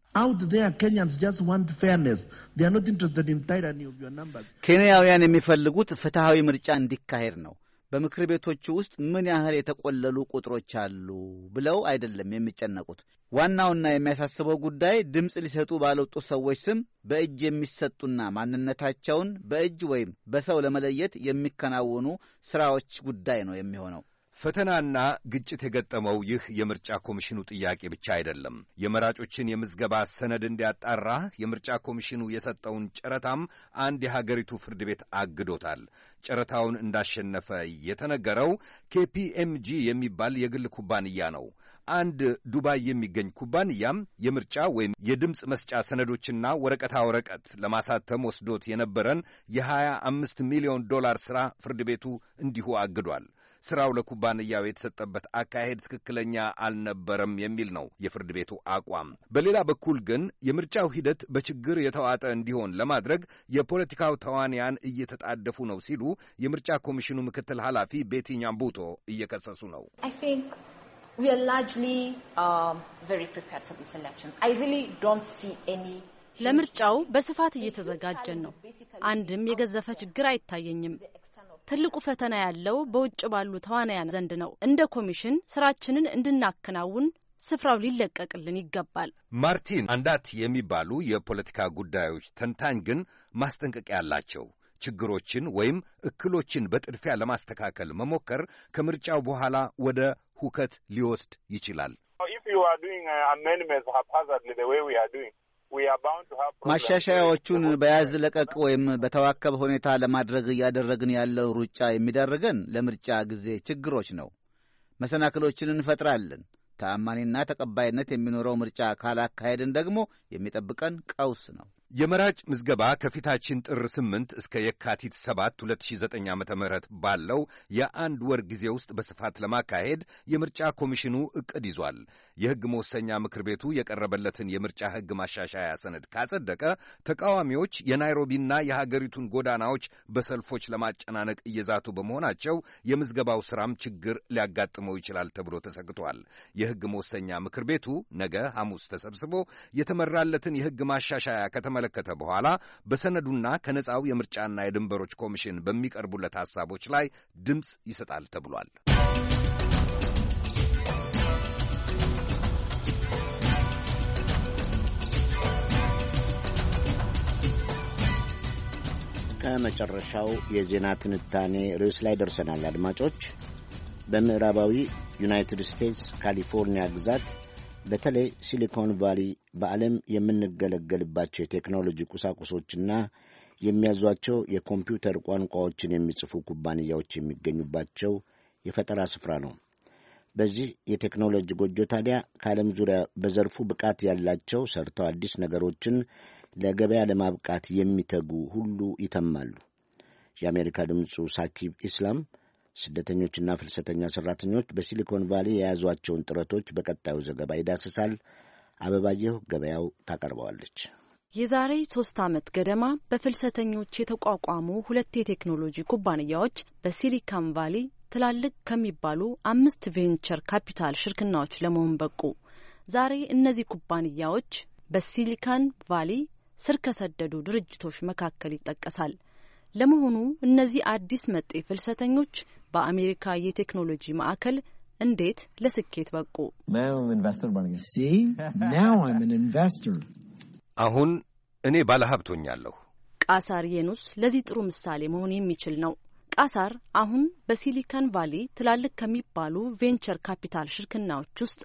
ኬንያውያን የሚፈልጉት ፍትሐዊ ምርጫ እንዲካሄድ ነው። በምክር ቤቶቹ ውስጥ ምን ያህል የተቆለሉ ቁጥሮች አሉ ብለው አይደለም የሚጨነቁት። ዋናውና የሚያሳስበው ጉዳይ ድምፅ ሊሰጡ ባልወጡ ሰዎች ስም በእጅ የሚሰጡና ማንነታቸውን በእጅ ወይም በሰው ለመለየት የሚከናወኑ ስራዎች ጉዳይ ነው የሚሆነው። ፈተናና ግጭት የገጠመው ይህ የምርጫ ኮሚሽኑ ጥያቄ ብቻ አይደለም። የመራጮችን የምዝገባ ሰነድ እንዲያጣራ የምርጫ ኮሚሽኑ የሰጠውን ጨረታም አንድ የሀገሪቱ ፍርድ ቤት አግዶታል። ጨረታውን እንዳሸነፈ የተነገረው ኬፒኤምጂ የሚባል የግል ኩባንያ ነው። አንድ ዱባይ የሚገኝ ኩባንያም የምርጫ ወይም የድምፅ መስጫ ሰነዶችና ወረቀታ ወረቀት ለማሳተም ወስዶት የነበረን የ25 ሚሊዮን ዶላር ሥራ ፍርድ ቤቱ እንዲሁ አግዷል። ስራው ለኩባንያው የተሰጠበት አካሄድ ትክክለኛ አልነበረም የሚል ነው የፍርድ ቤቱ አቋም። በሌላ በኩል ግን የምርጫው ሂደት በችግር የተዋጠ እንዲሆን ለማድረግ የፖለቲካው ተዋንያን እየተጣደፉ ነው ሲሉ የምርጫ ኮሚሽኑ ምክትል ኃላፊ ቤቲ ኛምቡቶ እየከሰሱ ነው። um, ለምርጫው በስፋት እየተዘጋጀን ነው። አንድም የገዘፈ ችግር አይታየኝም። ትልቁ ፈተና ያለው በውጭ ባሉ ተዋናያን ዘንድ ነው። እንደ ኮሚሽን ስራችንን እንድናከናውን ስፍራው ሊለቀቅልን ይገባል። ማርቲን አንዳት የሚባሉ የፖለቲካ ጉዳዮች ተንታኝ ግን ማስጠንቀቂያ አላቸው። ችግሮችን ወይም እክሎችን በጥድፊያ ለማስተካከል መሞከር ከምርጫው በኋላ ወደ ሁከት ሊወስድ ይችላል። ማሻሻያዎቹን በያዝ ለቀቅ ወይም በተዋከበ ሁኔታ ለማድረግ እያደረግን ያለው ሩጫ የሚዳርገን ለምርጫ ጊዜ ችግሮች ነው። መሰናክሎችን እንፈጥራለን። ተአማኒና ተቀባይነት የሚኖረው ምርጫ ካላካሄድን ደግሞ የሚጠብቀን ቀውስ ነው። የመራጭ ምዝገባ ከፊታችን ጥር ስምንት እስከ የካቲት ሺ ዘጠኝ ዓመተ ምህረት ባለው የአንድ ወር ጊዜ ውስጥ በስፋት ለማካሄድ የምርጫ ኮሚሽኑ ዕቅድ ይዟል። የሕግ መወሰኛ ምክር ቤቱ የቀረበለትን የምርጫ ሕግ ማሻሻያ ሰነድ ካጸደቀ ተቃዋሚዎች የናይሮቢና የሀገሪቱን ጎዳናዎች በሰልፎች ለማጨናነቅ እየዛቱ በመሆናቸው የምዝገባው ሥራም ችግር ሊያጋጥመው ይችላል ተብሎ ተሰግቷል። የሕግ መወሰኛ ምክር ቤቱ ነገ ሐሙስ ተሰብስቦ የተመራለትን የሕግ ማሻሻያ ከተመ ከተመለከተ በኋላ በሰነዱና ከነጻው የምርጫና የድንበሮች ኮሚሽን በሚቀርቡለት ሐሳቦች ላይ ድምፅ ይሰጣል ተብሏል። ከመጨረሻው የዜና ትንታኔ ርዕስ ላይ ደርሰናል አድማጮች። በምዕራባዊ ዩናይትድ ስቴትስ ካሊፎርኒያ ግዛት በተለይ ሲሊኮን ቫሊ በዓለም የምንገለገልባቸው የቴክኖሎጂ ቁሳቁሶችና የሚያዟቸው የኮምፒውተር ቋንቋዎችን የሚጽፉ ኩባንያዎች የሚገኙባቸው የፈጠራ ስፍራ ነው። በዚህ የቴክኖሎጂ ጎጆ ታዲያ ከዓለም ዙሪያ በዘርፉ ብቃት ያላቸው ሰርተው አዲስ ነገሮችን ለገበያ ለማብቃት የሚተጉ ሁሉ ይተማሉ። የአሜሪካ ድምፁ ሳኪብ ኢስላም ስደተኞችና ፍልሰተኛ ሠራተኞች በሲሊኮን ቫሊ የያዟቸውን ጥረቶች በቀጣዩ ዘገባ ይዳስሳል። አበባየሁ ገበያው ታቀርበዋለች። የዛሬ ሶስት ዓመት ገደማ በፍልሰተኞች የተቋቋሙ ሁለት የቴክኖሎጂ ኩባንያዎች በሲሊካን ቫሊ ትላልቅ ከሚባሉ አምስት ቬንቸር ካፒታል ሽርክናዎች ለመሆን በቁ። ዛሬ እነዚህ ኩባንያዎች በሲሊካን ቫሊ ስር ከሰደዱ ድርጅቶች መካከል ይጠቀሳል። ለመሆኑ እነዚህ አዲስ መጤ ፍልሰተኞች በአሜሪካ የቴክኖሎጂ ማዕከል እንዴት ለስኬት በቁ? አሁን እኔ ባለሀብቶኛለሁ። ቃሳር የኑስ ለዚህ ጥሩ ምሳሌ መሆን የሚችል ነው። ቃሳር አሁን በሲሊከን ቫሊ ትላልቅ ከሚባሉ ቬንቸር ካፒታል ሽርክናዎች ውስጥ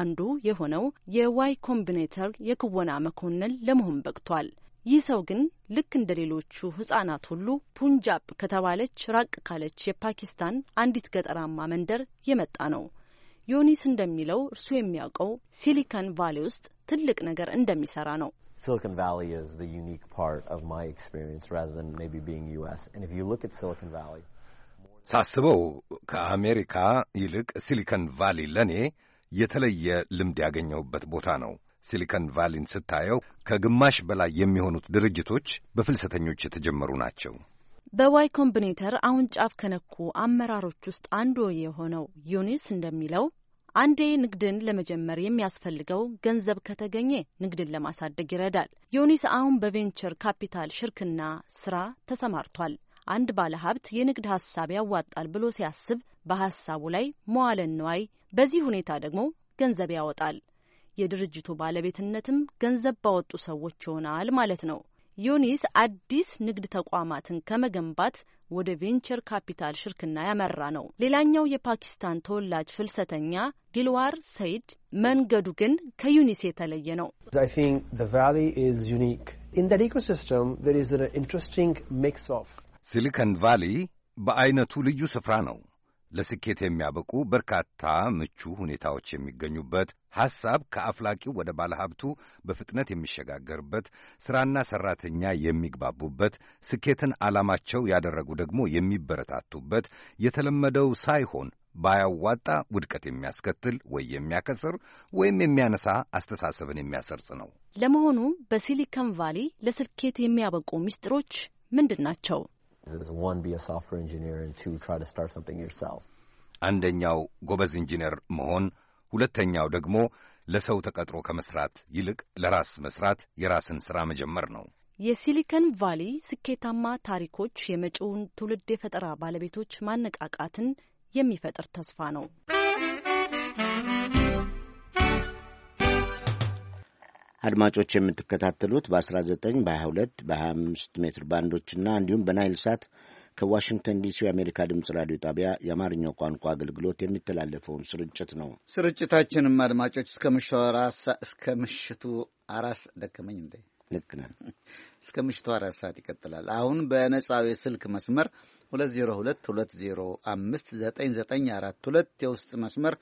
አንዱ የሆነው የዋይ ኮምቢኔተር የክወና መኮንን ለመሆን በቅቷል። ይህ ሰው ግን ልክ እንደ ሌሎቹ ህጻናት ሁሉ ፑንጃብ ከተባለች ራቅ ካለች የፓኪስታን አንዲት ገጠራማ መንደር የመጣ ነው። ዮኒስ እንደሚለው እርሱ የሚያውቀው ሲሊከን ቫሌ ውስጥ ትልቅ ነገር እንደሚሰራ ነው። ሳስበው ከአሜሪካ ይልቅ ሲሊከን ቫሊ ለእኔ የተለየ ልምድ ያገኘሁበት ቦታ ነው። ሲሊከን ቫሊን ስታየው ከግማሽ በላይ የሚሆኑት ድርጅቶች በፍልሰተኞች የተጀመሩ ናቸው። በዋይ ኮምቢኔተር አሁን ጫፍ ከነኩ አመራሮች ውስጥ አንዱ የሆነው ዩኒስ እንደሚለው አንዴ ንግድን ለመጀመር የሚያስፈልገው ገንዘብ ከተገኘ ንግድን ለማሳደግ ይረዳል። ዩኒስ አሁን በቬንቸር ካፒታል ሽርክና ስራ ተሰማርቷል። አንድ ባለሀብት የንግድ ሀሳብ ያዋጣል ብሎ ሲያስብ በሀሳቡ ላይ መዋለ ንዋይ፣ በዚህ ሁኔታ ደግሞ ገንዘብ ያወጣል። የድርጅቱ ባለቤትነትም ገንዘብ ባወጡ ሰዎች ይሆናል ማለት ነው። ዮኒስ አዲስ ንግድ ተቋማትን ከመገንባት ወደ ቬንቸር ካፒታል ሽርክና ያመራ ነው። ሌላኛው የፓኪስታን ተወላጅ ፍልሰተኛ ዲልዋር ሰይድ መንገዱ ግን ከዩኒስ የተለየ ነው። ሲሊከን ቫሊ በአይነቱ ልዩ ስፍራ ነው። ለስኬት የሚያበቁ በርካታ ምቹ ሁኔታዎች የሚገኙበት ሐሳብ ከአፍላቂው ወደ ባለሀብቱ በፍጥነት የሚሸጋገርበት ሥራና ሠራተኛ የሚግባቡበት ስኬትን ዓላማቸው ያደረጉ ደግሞ የሚበረታቱበት የተለመደው ሳይሆን ባያዋጣ ውድቀት የሚያስከትል ወይ የሚያከስር ወይም የሚያነሳ አስተሳሰብን የሚያሰርጽ ነው። ለመሆኑ በሲሊከን ቫሊ ለስኬት የሚያበቁ ምስጢሮች ምንድን ናቸው? one, be a software engineer, and two, try to start something yourself. አንደኛው ጎበዝ ኢንጂነር መሆን፣ ሁለተኛው ደግሞ ለሰው ተቀጥሮ ከመስራት ይልቅ ለራስ መስራት የራስን ስራ መጀመር ነው። የሲሊከን ቫሊ ስኬታማ ታሪኮች የመጪውን ትውልድ የፈጠራ ባለቤቶች ማነቃቃትን የሚፈጥር ተስፋ ነው። አድማጮች የምትከታተሉት በ19 በ22 በ25 ሜትር ባንዶችና እንዲሁም በናይል ሳት ከዋሽንግተን ዲሲ የአሜሪካ ድምፅ ራዲዮ ጣቢያ የአማርኛው ቋንቋ አገልግሎት የሚተላለፈውን ስርጭት ነው። ስርጭታችንም አድማጮች እስከ ምሽቱ አራስ ደከመኝ እንደ ልክ ነን [laughs] እስከ ምሽቱ አራት ሰዓት ይቀጥላል። አሁን በነጻው የስልክ መስመር 2022059942 የውስጥ መስመር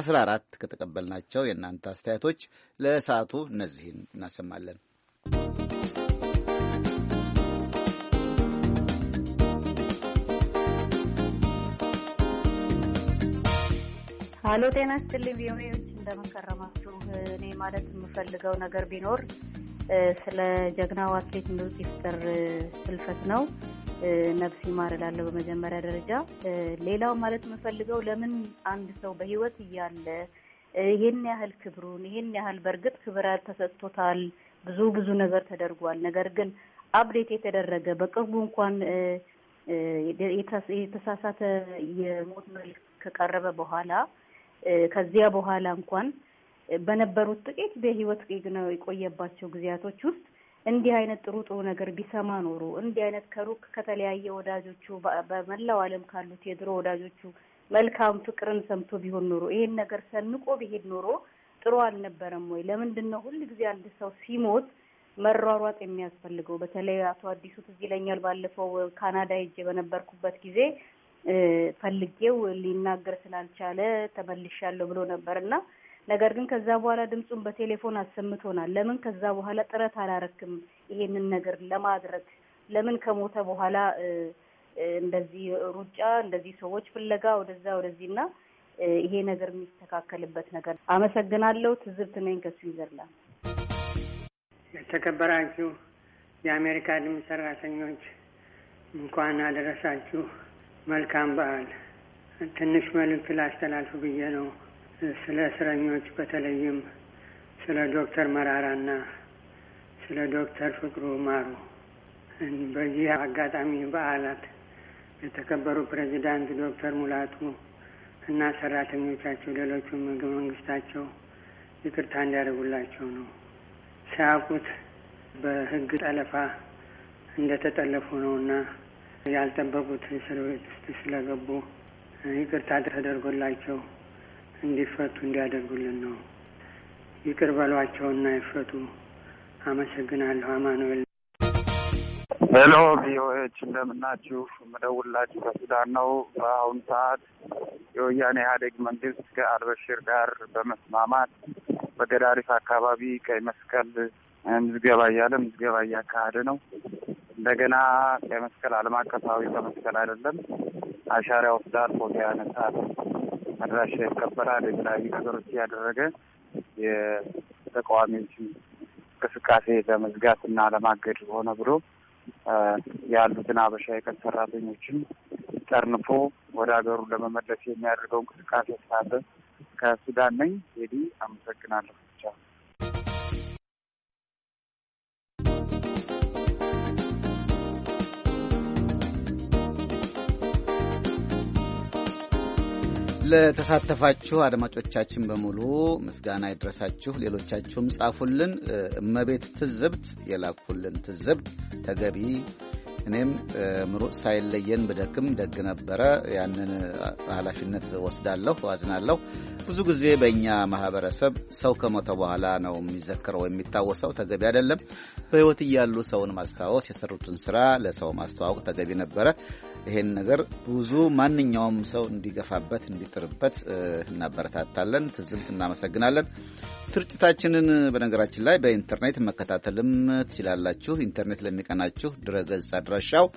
14 ከተቀበልናቸው የእናንተ አስተያየቶች ለሰዓቱ እነዚህን እናሰማለን። አሎ ጤና ስትልኝ ቪኦኤዎች፣ እንደምንከረማችሁ። እኔ ማለት የምፈልገው ነገር ቢኖር ስለ ጀግናው አትሌት ምሩጽ ይፍጠር ስልፈት ነው። ነፍስ ይማር እላለሁ በመጀመሪያ ደረጃ። ሌላው ማለት የምፈልገው ለምን አንድ ሰው በህይወት እያለ ይሄን ያህል ክብሩን ይሄን ያህል በእርግጥ ክብር ተሰጥቶታል፣ ብዙ ብዙ ነገር ተደርጓል። ነገር ግን አፕዴት የተደረገ በቅርቡ እንኳን የተሳሳተ የሞት መልዕክት ከቀረበ በኋላ ከዚያ በኋላ እንኳን በነበሩት ጥቂት በህይወት የቆየባቸው ጊዜያቶች ውስጥ እንዲህ አይነት ጥሩ ጥሩ ነገር ቢሰማ ኖሮ እንዲህ አይነት ከሩቅ ከተለያየ ወዳጆቹ በመላው ዓለም ካሉት የድሮ ወዳጆቹ መልካም ፍቅርን ሰምቶ ቢሆን ኖሮ ይሄን ነገር ሰንቆ ቢሄድ ኖሮ ጥሩ አልነበረም ወይ? ለምንድን ነው ሁል ጊዜ አንድ ሰው ሲሞት መሯሯጥ የሚያስፈልገው? በተለይ አቶ አዲሱ ትዝ ይለኛል ባለፈው ካናዳ ሄጄ በነበርኩበት ጊዜ ፈልጌው ሊናገር ስላልቻለ ተመልሻለሁ ብሎ ነበር እና ነገር ግን ከዛ በኋላ ድምፁን በቴሌፎን አሰምቶናል። ለምን ከዛ በኋላ ጥረት አላረክም? ይሄንን ነገር ለማድረግ ለምን ከሞተ በኋላ እንደዚህ ሩጫ፣ እንደዚህ ሰዎች ፍለጋ ወደዛ ወደዚህና ይሄ ነገር የሚስተካከልበት ነገር። አመሰግናለሁ። ትዝብት ነኝ ከስዊዘርላንድ። የተከበራችሁ የአሜሪካ ድምፅ ሰራተኞች እንኳን አደረሳችሁ። መልካም በዓል። ትንሽ መልዕክት ላስተላልፍ ብዬ ነው ስለ እስረኞች በተለይም ስለ ዶክተር መራራና ስለ ዶክተር ፍቅሩ ማሩ በዚህ አጋጣሚ በዓላት የተከበሩ ፕሬዚዳንት ዶክተር ሙላቱ እና ሰራተኞቻቸው ሌሎቹም ህገ መንግስታቸው ይቅርታ እንዲያደርጉላቸው ነው። ሳያውቁት በህግ ጠለፋ እንደተጠለፉ ነው እና ያልጠበቁት እስር ቤት ውስጥ ስለገቡ ይቅርታ ተደርጎላቸው እንዲፈቱ እንዲያደርጉልን ነው። ይቅር በሏቸውና ይፈቱ። አመሰግናለሁ። አማኑኤል ሄሎ፣ ቪኦኤች እንደምናችሁ። የምደውላችሁ ከሱዳን ነው። በአሁኑ ሰዓት የወያኔ ኢህአዴግ መንግስት ከአልበሽር ጋር በመስማማት በገዳሪፍ አካባቢ ቀይ መስቀል ምዝገባ እያለ ምዝገባ እያካሄደ ነው። እንደገና ቀይ መስቀል ዓለም አቀፋዊ ቀይ መስቀል አይደለም። አሻራ ወስዳል ፎቶ ያነሳል። አድራሻ ይከበራል። የተለያዩ ነገሮች እያደረገ የተቃዋሚዎችን እንቅስቃሴ ለመዝጋት እና ለማገድ ሆነ ብሎ ያሉትን አበሻ የቀን ሰራተኞችን ጠርንፎ ወደ ሀገሩ ለመመለስ የሚያደርገው እንቅስቃሴ ስላለ ከሱዳን ነኝ ሄዲ አመሰግናለሁ ብቻ ለተሳተፋችሁ አድማጮቻችን በሙሉ ምስጋና ይድረሳችሁ። ሌሎቻችሁም ጻፉልን። እመቤት ትዝብት የላኩልን ትዝብት ተገቢ እኔም ምሩጽ ሳይለየን ብደክም ደግ ነበረ። ያንን ኃላፊነት ወስዳለሁ፣ ዋዝናለሁ። ብዙ ጊዜ በእኛ ማህበረሰብ ሰው ከሞተ በኋላ ነው የሚዘክረው የሚታወሰው፣ ተገቢ አይደለም። በሕይወት እያሉ ሰውን ማስታወስ፣ የሰሩትን ስራ ለሰው ማስተዋወቅ ተገቢ ነበረ። ይሄን ነገር ብዙ ማንኛውም ሰው እንዲገፋበት እንዲጥርበት እናበረታታለን። ትዝብት እናመሰግናለን። ስርጭታችንን በነገራችን ላይ በኢንተርኔት መከታተልም ትችላላችሁ። ኢንተርኔት ለሚቀናችሁ ድረገጽ አድራሻው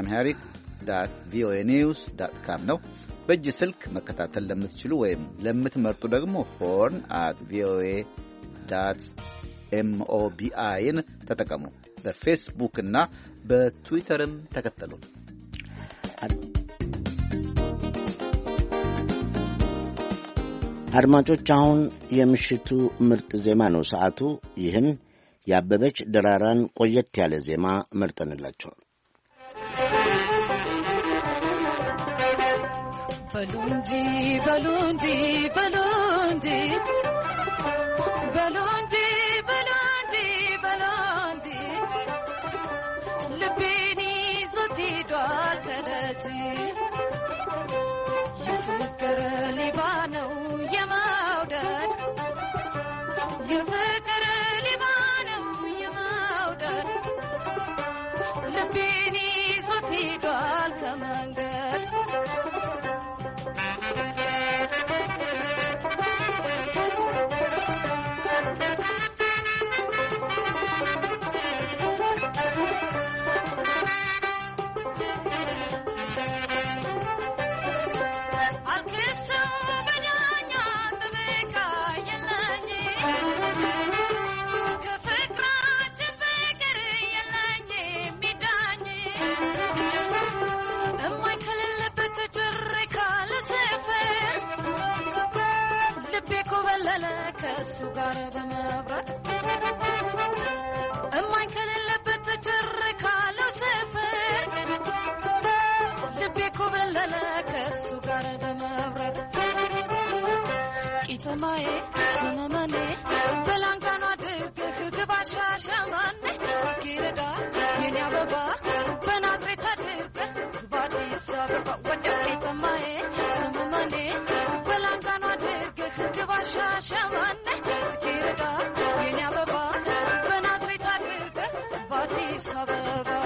አምሃሪክ ዳት ቪኦኤ ኒውስ ዳት ካም ነው። በእጅ ስልክ መከታተል ለምትችሉ ወይም ለምትመርጡ ደግሞ ሆርን አት ቪኦኤ ዳት ኤምኦቢአይን ተጠቀሙ። በፌስቡክ እና በትዊተርም ተከተሉን። አድማጮች፣ አሁን የምሽቱ ምርጥ ዜማ ነው ሰዓቱ። ይህም የአበበች ደራራን ቆየት ያለ ዜማ መርጠንላቸዋል። በሉ እንጂ በሉ እንጂ በሉ ጋር በመብራት እማኝ ከሌለበት ካለው ስፍር ልቤ ኮበለለ ከእሱ ጋር በመብራት ቂጥማዬ ስመመኔ በላንጋኗ ድግህ ግባ ሻሸማኔ ጌረዳ የኔ አበባ በናዝሬት አድርገህ ግባ አዲስ አበባ ወደ ቂጥማዬ ስመመኔ በላንጋኗ ድግ Ababa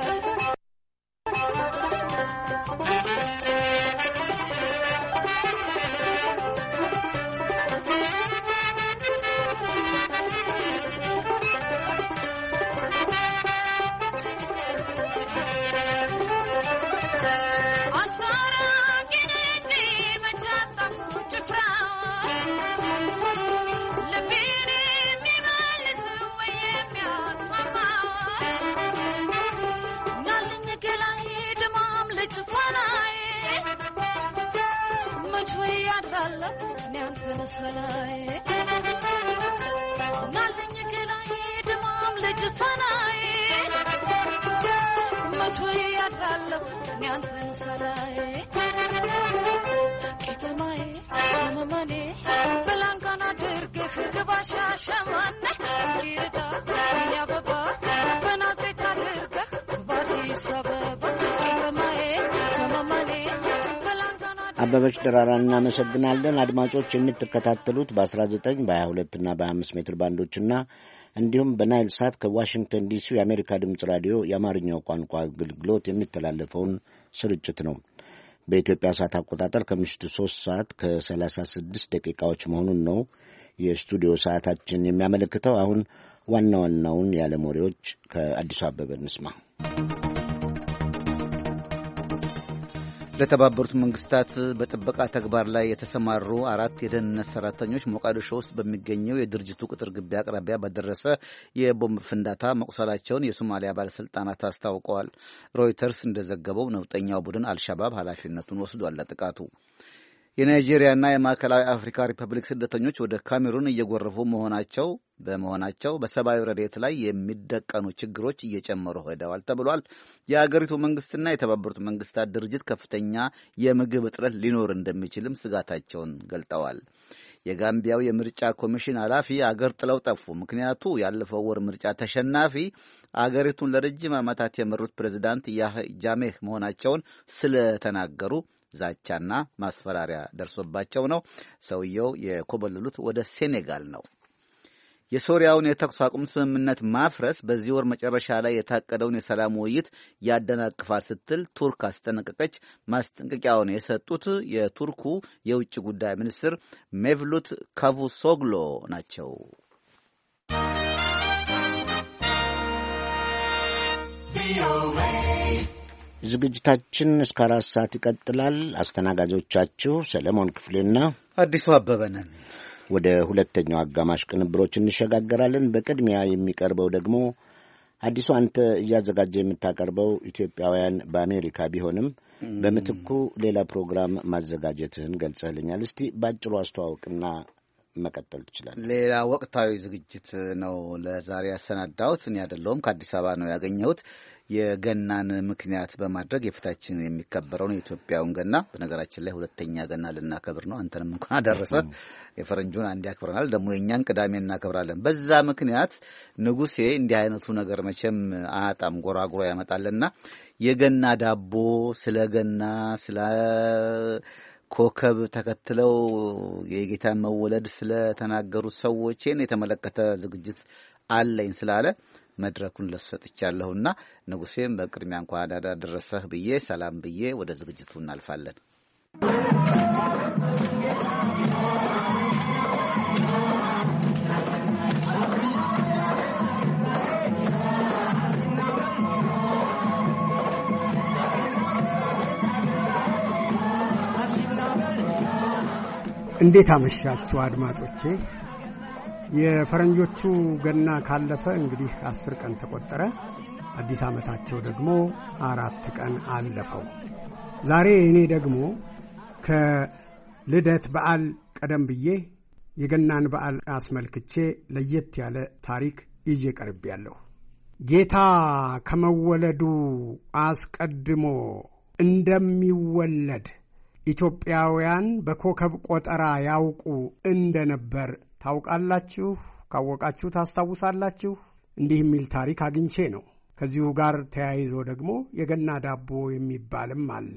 ያንተነ ሰናይ ናልኝ ገላይ ድማም ለጭፈናይ መች ወይ ያድራለሁ ያንተነ ሰናይ ቄጠማዬ ሰመመኔ በላንጋና ድርግህ ግባሻ ሸማነ እስኪርዳ አበበች ደራራ እናመሰግናለን። አድማጮች የምትከታተሉት በ19 በ22 እና በ25 ሜትር ባንዶችና እንዲሁም በናይል ሳት ከዋሽንግተን ዲሲ የአሜሪካ ድምፅ ራዲዮ የአማርኛው ቋንቋ አገልግሎት የሚተላለፈውን ስርጭት ነው። በኢትዮጵያ ሰዓት አቆጣጠር ከምሽቱ 3 ሰዓት ከ36 ደቂቃዎች መሆኑን ነው የስቱዲዮ ሰዓታችን የሚያመለክተው። አሁን ዋና ዋናውን የዓለም ወሬዎች ከአዲሱ አበበ እንስማ። ለተባበሩት መንግስታት በጥበቃ ተግባር ላይ የተሰማሩ አራት የደህንነት ሰራተኞች ሞቃዲሾ ውስጥ በሚገኘው የድርጅቱ ቅጥር ግቢ አቅራቢያ በደረሰ የቦምብ ፍንዳታ መቁሰላቸውን የሶማሊያ ባለሥልጣናት አስታውቀዋል። ሮይተርስ እንደዘገበው ነውጠኛው ቡድን አልሻባብ ኃላፊነቱን ወስዷል ለጥቃቱ። የናይጄሪያና የማዕከላዊ አፍሪካ ሪፐብሊክ ስደተኞች ወደ ካሜሩን እየጎረፉ መሆናቸው በመሆናቸው በሰብአዊ ረዴት ላይ የሚደቀኑ ችግሮች እየጨመሩ ሄደዋል ተብሏል። የአገሪቱ መንግስትና የተባበሩት መንግስታት ድርጅት ከፍተኛ የምግብ እጥረት ሊኖር እንደሚችልም ስጋታቸውን ገልጠዋል። የጋምቢያው የምርጫ ኮሚሽን ኃላፊ አገር ጥለው ጠፉ። ምክንያቱ ያለፈው ወር ምርጫ ተሸናፊ አገሪቱን ለረጅም ዓመታት የመሩት ፕሬዚዳንት ያህ ጃሜህ መሆናቸውን ስለተናገሩ ዛቻና ማስፈራሪያ ደርሶባቸው ነው። ሰውየው የኮበለሉት ወደ ሴኔጋል ነው። የሶሪያውን የተኩስ አቁም ስምምነት ማፍረስ በዚህ ወር መጨረሻ ላይ የታቀደውን የሰላም ውይይት ያደናቅፋል ስትል ቱርክ አስጠነቀቀች። ማስጠንቀቂያውን የሰጡት የቱርኩ የውጭ ጉዳይ ሚኒስትር ሜቭሉት ካቡሶግሎ ናቸው። ዝግጅታችን እስከ አራት ሰዓት ይቀጥላል። አስተናጋጆቻችሁ ሰለሞን ክፍሌና አዲሱ አበበ ነን። ወደ ሁለተኛው አጋማሽ ቅንብሮች እንሸጋገራለን። በቅድሚያ የሚቀርበው ደግሞ አዲሱ አንተ እያዘጋጀ የምታቀርበው ኢትዮጵያውያን በአሜሪካ ቢሆንም በምትኩ ሌላ ፕሮግራም ማዘጋጀትህን ገልጸህልኛል። እስቲ በአጭሩ አስተዋውቅና መቀጠል ትችላለህ። ሌላ ወቅታዊ ዝግጅት ነው ለዛሬ ያሰናዳሁት። እኔ አይደለሁም ከአዲስ አበባ ነው ያገኘሁት። የገናን ምክንያት በማድረግ የፊታችን የሚከበረውን የኢትዮጵያውን ገና በነገራችን ላይ ሁለተኛ ገና ልናከብር ነው። አንተንም እንኳን አደረሰ። የፈረንጁን አንድ ያክብረናል፣ ደግሞ የእኛን ቅዳሜ እናከብራለን። በዛ ምክንያት ንጉሴ እንዲህ አይነቱ ነገር መቼም አያጣም፣ ጎራጉሮ ያመጣልና የገና ዳቦ ስለ ገና ስለ ኮከብ ተከትለው የጌታን መወለድ ስለተናገሩት ሰዎችን የተመለከተ ዝግጅት አለኝ ስላለ መድረኩን ለሰጥቻለሁና ንጉሴም በቅድሚያ እንኳ አዳዳ ደረሰህ ብዬ ሰላም ብዬ ወደ ዝግጅቱ እናልፋለን። እንዴት አመሻችሁ አድማጮቼ። የፈረንጆቹ ገና ካለፈ እንግዲህ አስር ቀን ተቆጠረ። አዲስ ዓመታቸው ደግሞ አራት ቀን አለፈው። ዛሬ እኔ ደግሞ ከልደት በዓል ቀደም ብዬ የገናን በዓል አስመልክቼ ለየት ያለ ታሪክ ይዤ ቀርቤያለሁ። ጌታ ከመወለዱ አስቀድሞ እንደሚወለድ ኢትዮጵያውያን በኮከብ ቆጠራ ያውቁ እንደነበር ታውቃላችሁ? ካወቃችሁ ታስታውሳላችሁ? እንዲህ የሚል ታሪክ አግኝቼ ነው። ከዚሁ ጋር ተያይዞ ደግሞ የገና ዳቦ የሚባልም አለ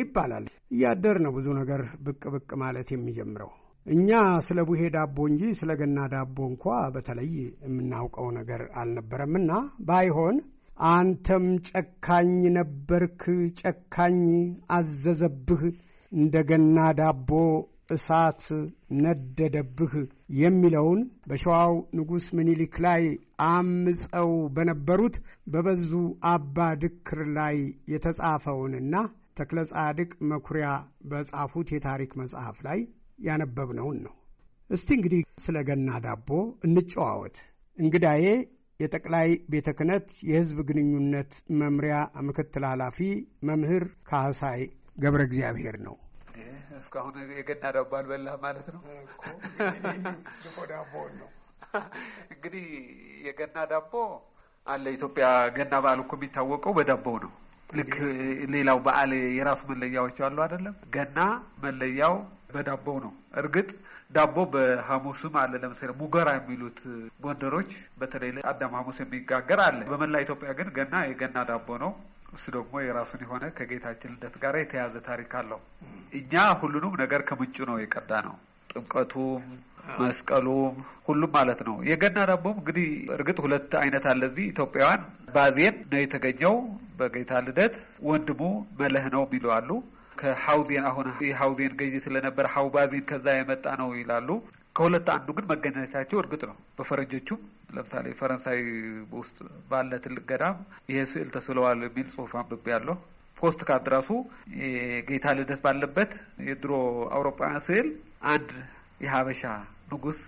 ይባላል። እያደር ነው ብዙ ነገር ብቅ ብቅ ማለት የሚጀምረው። እኛ ስለ ቡሄ ዳቦ እንጂ ስለ ገና ዳቦ እንኳ በተለይ የምናውቀው ነገር አልነበረምና ባይሆን አንተም ጨካኝ ነበርክ፣ ጨካኝ አዘዘብህ እንደ ገና ዳቦ እሳት ነደደብህ የሚለውን በሸዋው ንጉሥ ምኒልክ ላይ አምፀው በነበሩት በበዙ አባ ድክር ላይ የተጻፈውንና ተክለ ጻድቅ መኩሪያ በጻፉት የታሪክ መጽሐፍ ላይ ያነበብነውን ነው። እስቲ እንግዲህ ስለ ገና ዳቦ እንጨዋወት። እንግዳዬ የጠቅላይ ቤተ ክህነት የሕዝብ ግንኙነት መምሪያ ምክትል ኃላፊ መምህር ካህሳይ ገብረ እግዚአብሔር ነው። እስካሁን የገና ዳቦ አልበላህ ማለት ነው። ድፎ ዳቦን ነው እንግዲህ የገና ዳቦ አለ። ኢትዮጵያ ገና በዓል እኮ የሚታወቀው በዳቦ ነው። ልክ ሌላው በዓል የራሱ መለያዎች አሉ አይደለም? ገና መለያው በዳቦ ነው። እርግጥ ዳቦ በሐሙስም አለ። ለምሳሌ ሙገራ የሚሉት ጎንደሮች በተለይ አዳም ሐሙስ የሚጋገር አለ። በመላ ኢትዮጵያ ግን ገና የገና ዳቦ ነው። እሱ ደግሞ የራሱን የሆነ ከጌታችን ልደት ጋር የተያዘ ታሪክ አለው። እኛ ሁሉንም ነገር ከምንጩ ነው የቀዳ ነው። ጥምቀቱም መስቀሉም ሁሉም ማለት ነው። የገና ዳቦም እንግዲህ እርግጥ ሁለት አይነት አለ። እዚህ ኢትዮጵያውያን ባዜን ነው የተገኘው በጌታ ልደት ወንድሙ መለህ ነው የሚሉ አሉ። ከሐውዜን አሁን የሀውዜን ገዢ ስለነበር ሀው ባዜን ከዛ የመጣ ነው ይላሉ። ከሁለት አንዱ ግን መገናኘታቸው እርግጥ ነው። በፈረንጆቹም ለምሳሌ ፈረንሳይ ውስጥ ባለ ትልቅ ገዳም ይሄ ስዕል ተስለዋል የሚል ጽሁፍ አንብቤ ያለው ፖስት ካርድ ራሱ ጌታ ልደት ባለበት የድሮ አውሮፓውያን ስዕል አንድ የሀበሻ ንጉስ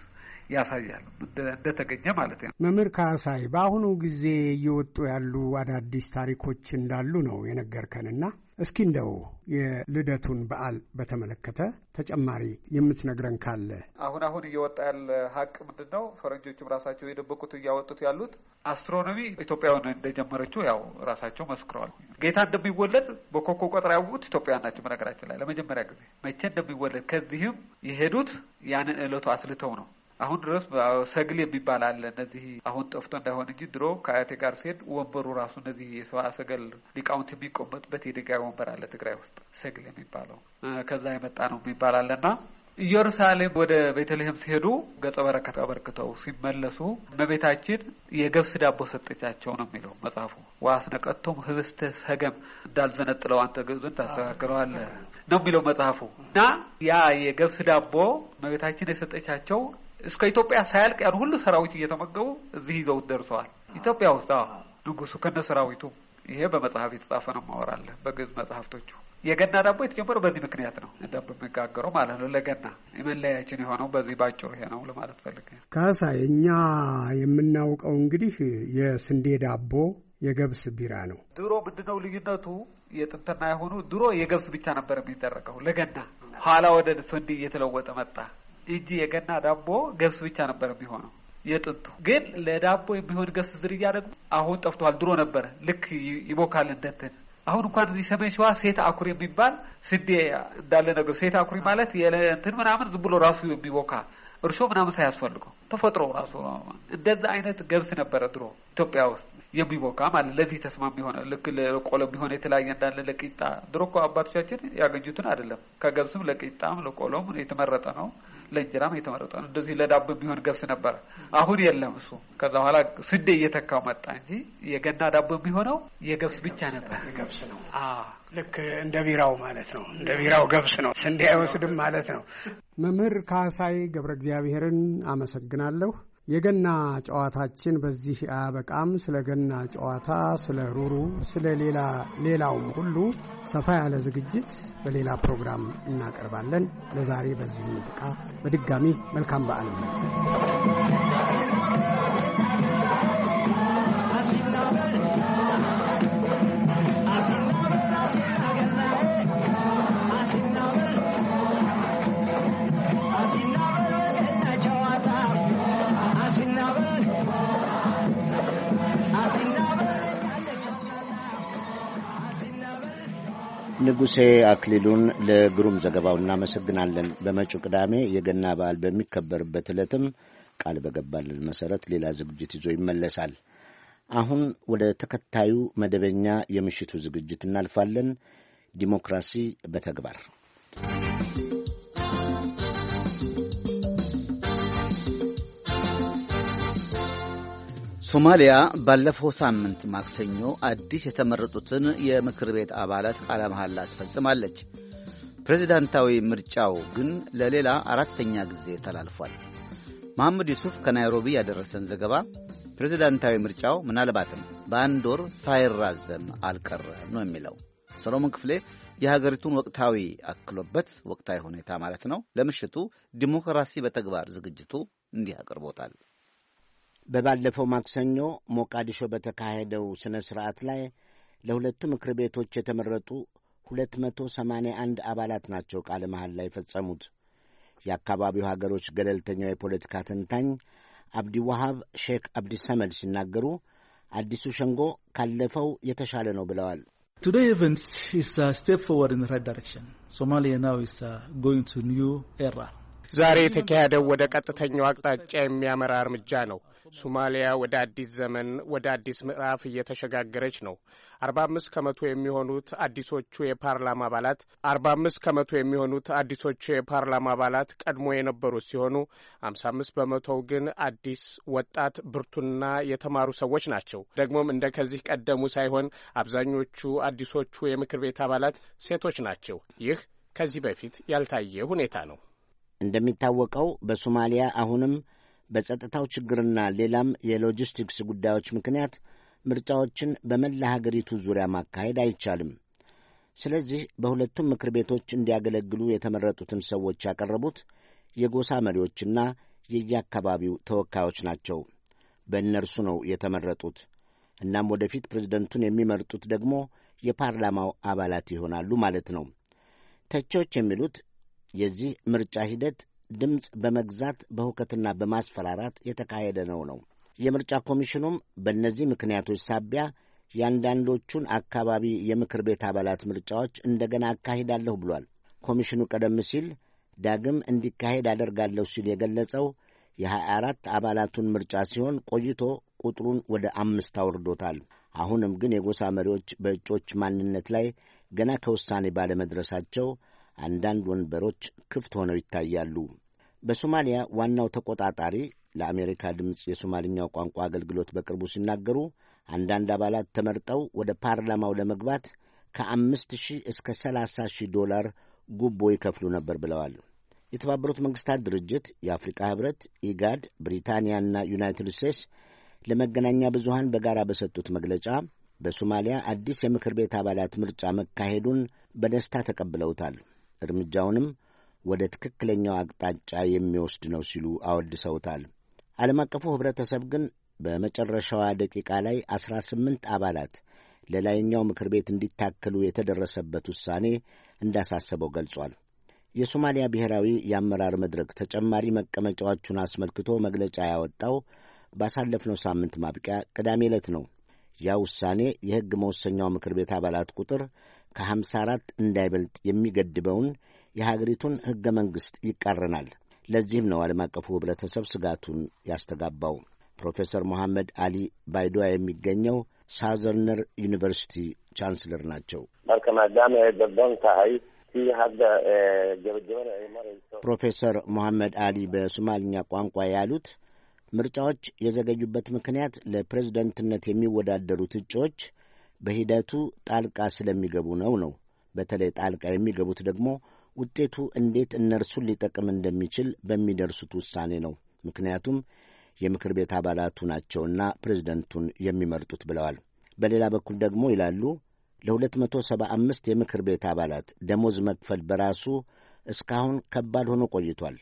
ያሳያል እንደተገኘ ማለት ነው። መምህር ካሳይ በአሁኑ ጊዜ እየወጡ ያሉ አዳዲስ ታሪኮች እንዳሉ ነው የነገርከንና እስኪ እንደው የልደቱን በዓል በተመለከተ ተጨማሪ የምትነግረን ካለ። አሁን አሁን እየወጣ ያለ ሀቅ ምንድን ነው? ፈረንጆችም ራሳቸው የደበቁት እያወጡት ያሉት አስትሮኖሚ ኢትዮጵያን እንደጀመረችው ያው ራሳቸው መስክረዋል። ጌታ እንደሚወለድ በኮከብ ቆጥረው ያወቁት ኢትዮጵያውያን ናቸው። በነገራችን ላይ ለመጀመሪያ ጊዜ መቼ እንደሚወለድ ከዚህም የሄዱት ያንን ዕለቱ አስልተው ነው አሁን ድረስ ሰግል የሚባል አለ። እነዚህ አሁን ጠፍቶ እንዳይሆን እንጂ ድሮ ከአያቴ ጋር ሲሄድ ወንበሩ ራሱ እነዚህ የሰብአ ሰገል ሊቃውንት የሚቆመጥበት የድንጋይ ወንበር አለ ትግራይ ውስጥ ሰግል የሚባለው ከዛ የመጣ ነው የሚባል አለና ኢየሩሳሌም ወደ ቤተልሔም ሲሄዱ ገጸ በረከት አበርክተው ሲመለሱ እመቤታችን የገብስ ዳቦ ሰጠቻቸው ነው የሚለው መጽሐፉ። ወአስነቀቶም ህብስተ ሰገም እንዳልዘነጥለው አንተ ግዕዙን ታስተካክለዋለህ ነው የሚለው መጽሐፉ እና ያ የገብስ ዳቦ እመቤታችን የሰጠቻቸው እስከ ኢትዮጵያ ሳያልቅ ያን ሁሉ ሰራዊት እየተመገቡ እዚህ ይዘውት ደርሰዋል። ኢትዮጵያ ውስጥ ንጉሱ ከነ ሰራዊቱ። ይሄ በመጽሐፍ የተጻፈ ነው ማወራለ በግዕዝ መጽሐፍቶቹ። የገና ዳቦ የተጀመረው በዚህ ምክንያት ነው የሚጋገረው ማለት ነው። ለገና የመለያችን የሆነው በዚህ ባጭሩ ይሄ ነው ለማለት ፈልግ። ካሳ እኛ የምናውቀው እንግዲህ የስንዴ ዳቦ የገብስ ቢራ ነው። ድሮ ምንድነው ልዩነቱ? የጥንትና የሆኑ ድሮ የገብስ ብቻ ነበር የሚደረገው ለገና። ኋላ ወደ ስንዴ እየተለወጠ መጣ። እንጂ የገና ዳቦ ገብስ ብቻ ነበር የሚሆነው የጥንቱ። ግን ለዳቦ የሚሆን ገብስ ዝርያ ደግሞ አሁን ጠፍቷል። ድሮ ነበረ። ልክ ይቦካል እንደትን አሁን እንኳን እዚህ ሰሜን ሸዋ ሴት አኩሪ የሚባል ስዴ እንዳለ ነገር ሴት አኩሪ ማለት እንትን ምናምን ዝም ብሎ ራሱ የሚቦካ እርሾ ምናምን ሳያስፈልገው ተፈጥሮ ራሱ እንደዛ አይነት ገብስ ነበረ ድሮ ኢትዮጵያ ውስጥ። የሚሞቃ ማለት ለዚህ ተስማሚ የሆነ ልክ ለቆሎ የሚሆነ የተለያየ እንዳለ ለቂጣ ድሮ እኮ አባቶቻችን ያገኙትን አይደለም። ከገብስም ለቂጣም ለቆሎም የተመረጠ ነው፣ ለእንጀራም የተመረጠ ነው። እንደዚህ ለዳቦ የሚሆን ገብስ ነበረ። አሁን የለም እሱ። ከዛ በኋላ ስንዴ እየተካው መጣ እንጂ የገና ዳቦ የሚሆነው የገብስ ብቻ ነበር። ገብስ ነው። ልክ እንደ ቢራው ማለት ነው። እንደ ቢራው ገብስ ነው። ስንዴ አይወስድም ማለት ነው። መምህር ካህሳይ ገብረ እግዚአብሔርን አመሰግናለሁ። የገና ጨዋታችን በዚህ አያበቃም። ስለ ገና ጨዋታ፣ ስለ ሩሩ፣ ስለ ሌላ ሌላውም ሁሉ ሰፋ ያለ ዝግጅት በሌላ ፕሮግራም እናቀርባለን። ለዛሬ በዚሁ ብቃ። በድጋሚ መልካም በዓል ነው። ንጉሴ አክሊሉን ለግሩም ዘገባው እናመሰግናለን። በመጪው ቅዳሜ የገና በዓል በሚከበርበት ዕለትም ቃል በገባልን መሠረት ሌላ ዝግጅት ይዞ ይመለሳል። አሁን ወደ ተከታዩ መደበኛ የምሽቱ ዝግጅት እናልፋለን። ዲሞክራሲ በተግባር ሶማሊያ ባለፈው ሳምንት ማክሰኞ አዲስ የተመረጡትን የምክር ቤት አባላት ቃለ መሐላ አስፈጽማለች። ፕሬዚዳንታዊ ምርጫው ግን ለሌላ አራተኛ ጊዜ ተላልፏል። መሐመድ ዩሱፍ ከናይሮቢ ያደረሰን ዘገባ ፕሬዚዳንታዊ ምርጫው ምናልባትም በአንድ ወር ሳይራዘም አልቀረም ነው የሚለው። ሰሎሞን ክፍሌ የሀገሪቱን ወቅታዊ አክሎበት ወቅታዊ ሁኔታ ማለት ነው ለምሽቱ ዲሞክራሲ በተግባር ዝግጅቱ እንዲህ አቅርቦታል። በባለፈው ማክሰኞ ሞቃዲሾ በተካሄደው ሥነ ሥርዓት ላይ ለሁለቱ ምክር ቤቶች የተመረጡ 281 አባላት ናቸው ቃለ መሐል ላይ የፈጸሙት። የአካባቢው ሀገሮች ገለልተኛው የፖለቲካ ተንታኝ አብዲ ዋሃብ ሼክ አብዲ ሰመድ ሲናገሩ አዲሱ ሸንጎ ካለፈው የተሻለ ነው ብለዋል። Today events is a step forward uh, ዛሬ የተካሄደው ወደ ቀጥተኛው አቅጣጫ የሚያመራ እርምጃ ነው። ሶማሊያ ወደ አዲስ ዘመን ወደ አዲስ ምዕራፍ እየተሸጋገረች ነው። አርባ አምስት ከመቶ የሚሆኑት አዲሶቹ የፓርላማ አባላት አርባ አምስት ከመቶ የሚሆኑት አዲሶቹ የፓርላማ አባላት ቀድሞ የነበሩ ሲሆኑ አምሳ አምስት በመቶው ግን አዲስ ወጣት ብርቱና የተማሩ ሰዎች ናቸው። ደግሞም እንደ ከዚህ ቀደሙ ሳይሆን አብዛኞቹ አዲሶቹ የምክር ቤት አባላት ሴቶች ናቸው። ይህ ከዚህ በፊት ያልታየ ሁኔታ ነው። እንደሚታወቀው በሶማሊያ አሁንም በጸጥታው ችግርና ሌላም የሎጂስቲክስ ጉዳዮች ምክንያት ምርጫዎችን በመላ ሀገሪቱ ዙሪያ ማካሄድ አይቻልም። ስለዚህ በሁለቱም ምክር ቤቶች እንዲያገለግሉ የተመረጡትን ሰዎች ያቀረቡት የጎሳ መሪዎችና የየአካባቢው ተወካዮች ናቸው። በእነርሱ ነው የተመረጡት። እናም ወደፊት ፕሬዝደንቱን የሚመርጡት ደግሞ የፓርላማው አባላት ይሆናሉ ማለት ነው። ተቺዎች የሚሉት የዚህ ምርጫ ሂደት ድምፅ በመግዛት በሁከትና በማስፈራራት የተካሄደ ነው ነው። የምርጫ ኮሚሽኑም በእነዚህ ምክንያቶች ሳቢያ የአንዳንዶቹን አካባቢ የምክር ቤት አባላት ምርጫዎች እንደገና አካሂዳለሁ ብሏል። ኮሚሽኑ ቀደም ሲል ዳግም እንዲካሄድ አደርጋለሁ ሲል የገለጸው የ24 አባላቱን ምርጫ ሲሆን ቆይቶ ቁጥሩን ወደ አምስት አውርዶታል። አሁንም ግን የጎሳ መሪዎች በእጮች ማንነት ላይ ገና ከውሳኔ ባለመድረሳቸው አንዳንድ ወንበሮች ክፍት ሆነው ይታያሉ። በሶማሊያ ዋናው ተቆጣጣሪ ለአሜሪካ ድምፅ የሶማልኛው ቋንቋ አገልግሎት በቅርቡ ሲናገሩ አንዳንድ አባላት ተመርጠው ወደ ፓርላማው ለመግባት ከአምስት ሺህ እስከ ሰላሳ ሺህ ዶላር ጉቦ ይከፍሉ ነበር ብለዋል። የተባበሩት መንግስታት ድርጅት፣ የአፍሪካ ህብረት፣ ኢጋድ፣ ብሪታንያና ዩናይትድ ስቴትስ ለመገናኛ ብዙሃን በጋራ በሰጡት መግለጫ በሶማሊያ አዲስ የምክር ቤት አባላት ምርጫ መካሄዱን በደስታ ተቀብለውታል። እርምጃውንም ወደ ትክክለኛው አቅጣጫ የሚወስድ ነው ሲሉ አወድሰውታል። ዓለም አቀፉ ኅብረተሰብ ግን በመጨረሻዋ ደቂቃ ላይ አስራ ስምንት አባላት ለላይኛው ምክር ቤት እንዲታከሉ የተደረሰበት ውሳኔ እንዳሳሰበው ገልጿል። የሶማሊያ ብሔራዊ የአመራር መድረክ ተጨማሪ መቀመጫዎቹን አስመልክቶ መግለጫ ያወጣው ባሳለፍነው ሳምንት ማብቂያ ቅዳሜ ዕለት ነው። ያ ውሳኔ የሕግ መወሰኛው ምክር ቤት አባላት ቁጥር ከ54 እንዳይበልጥ የሚገድበውን የሀገሪቱን ሕገ መንግሥት ይቃረናል። ለዚህም ነው ዓለም አቀፉ ኅብረተሰብ ስጋቱን ያስተጋባው። ፕሮፌሰር ሞሐመድ አሊ ባይዶዋ የሚገኘው ሳዘርነር ዩኒቨርሲቲ ቻንስለር ናቸው። ፕሮፌሰር ሞሐመድ አሊ በሶማልኛ ቋንቋ ያሉት ምርጫዎች የዘገዩበት ምክንያት ለፕሬዝደንትነት የሚወዳደሩት እጩዎች በሂደቱ ጣልቃ ስለሚገቡ ነው ነው። በተለይ ጣልቃ የሚገቡት ደግሞ ውጤቱ እንዴት እነርሱን ሊጠቅም እንደሚችል በሚደርሱት ውሳኔ ነው። ምክንያቱም የምክር ቤት አባላቱ ናቸውና ፕሬዝደንቱን የሚመርጡት ብለዋል። በሌላ በኩል ደግሞ ይላሉ ለ275 የምክር ቤት አባላት ደሞዝ መክፈል በራሱ እስካሁን ከባድ ሆኖ ቆይቷል።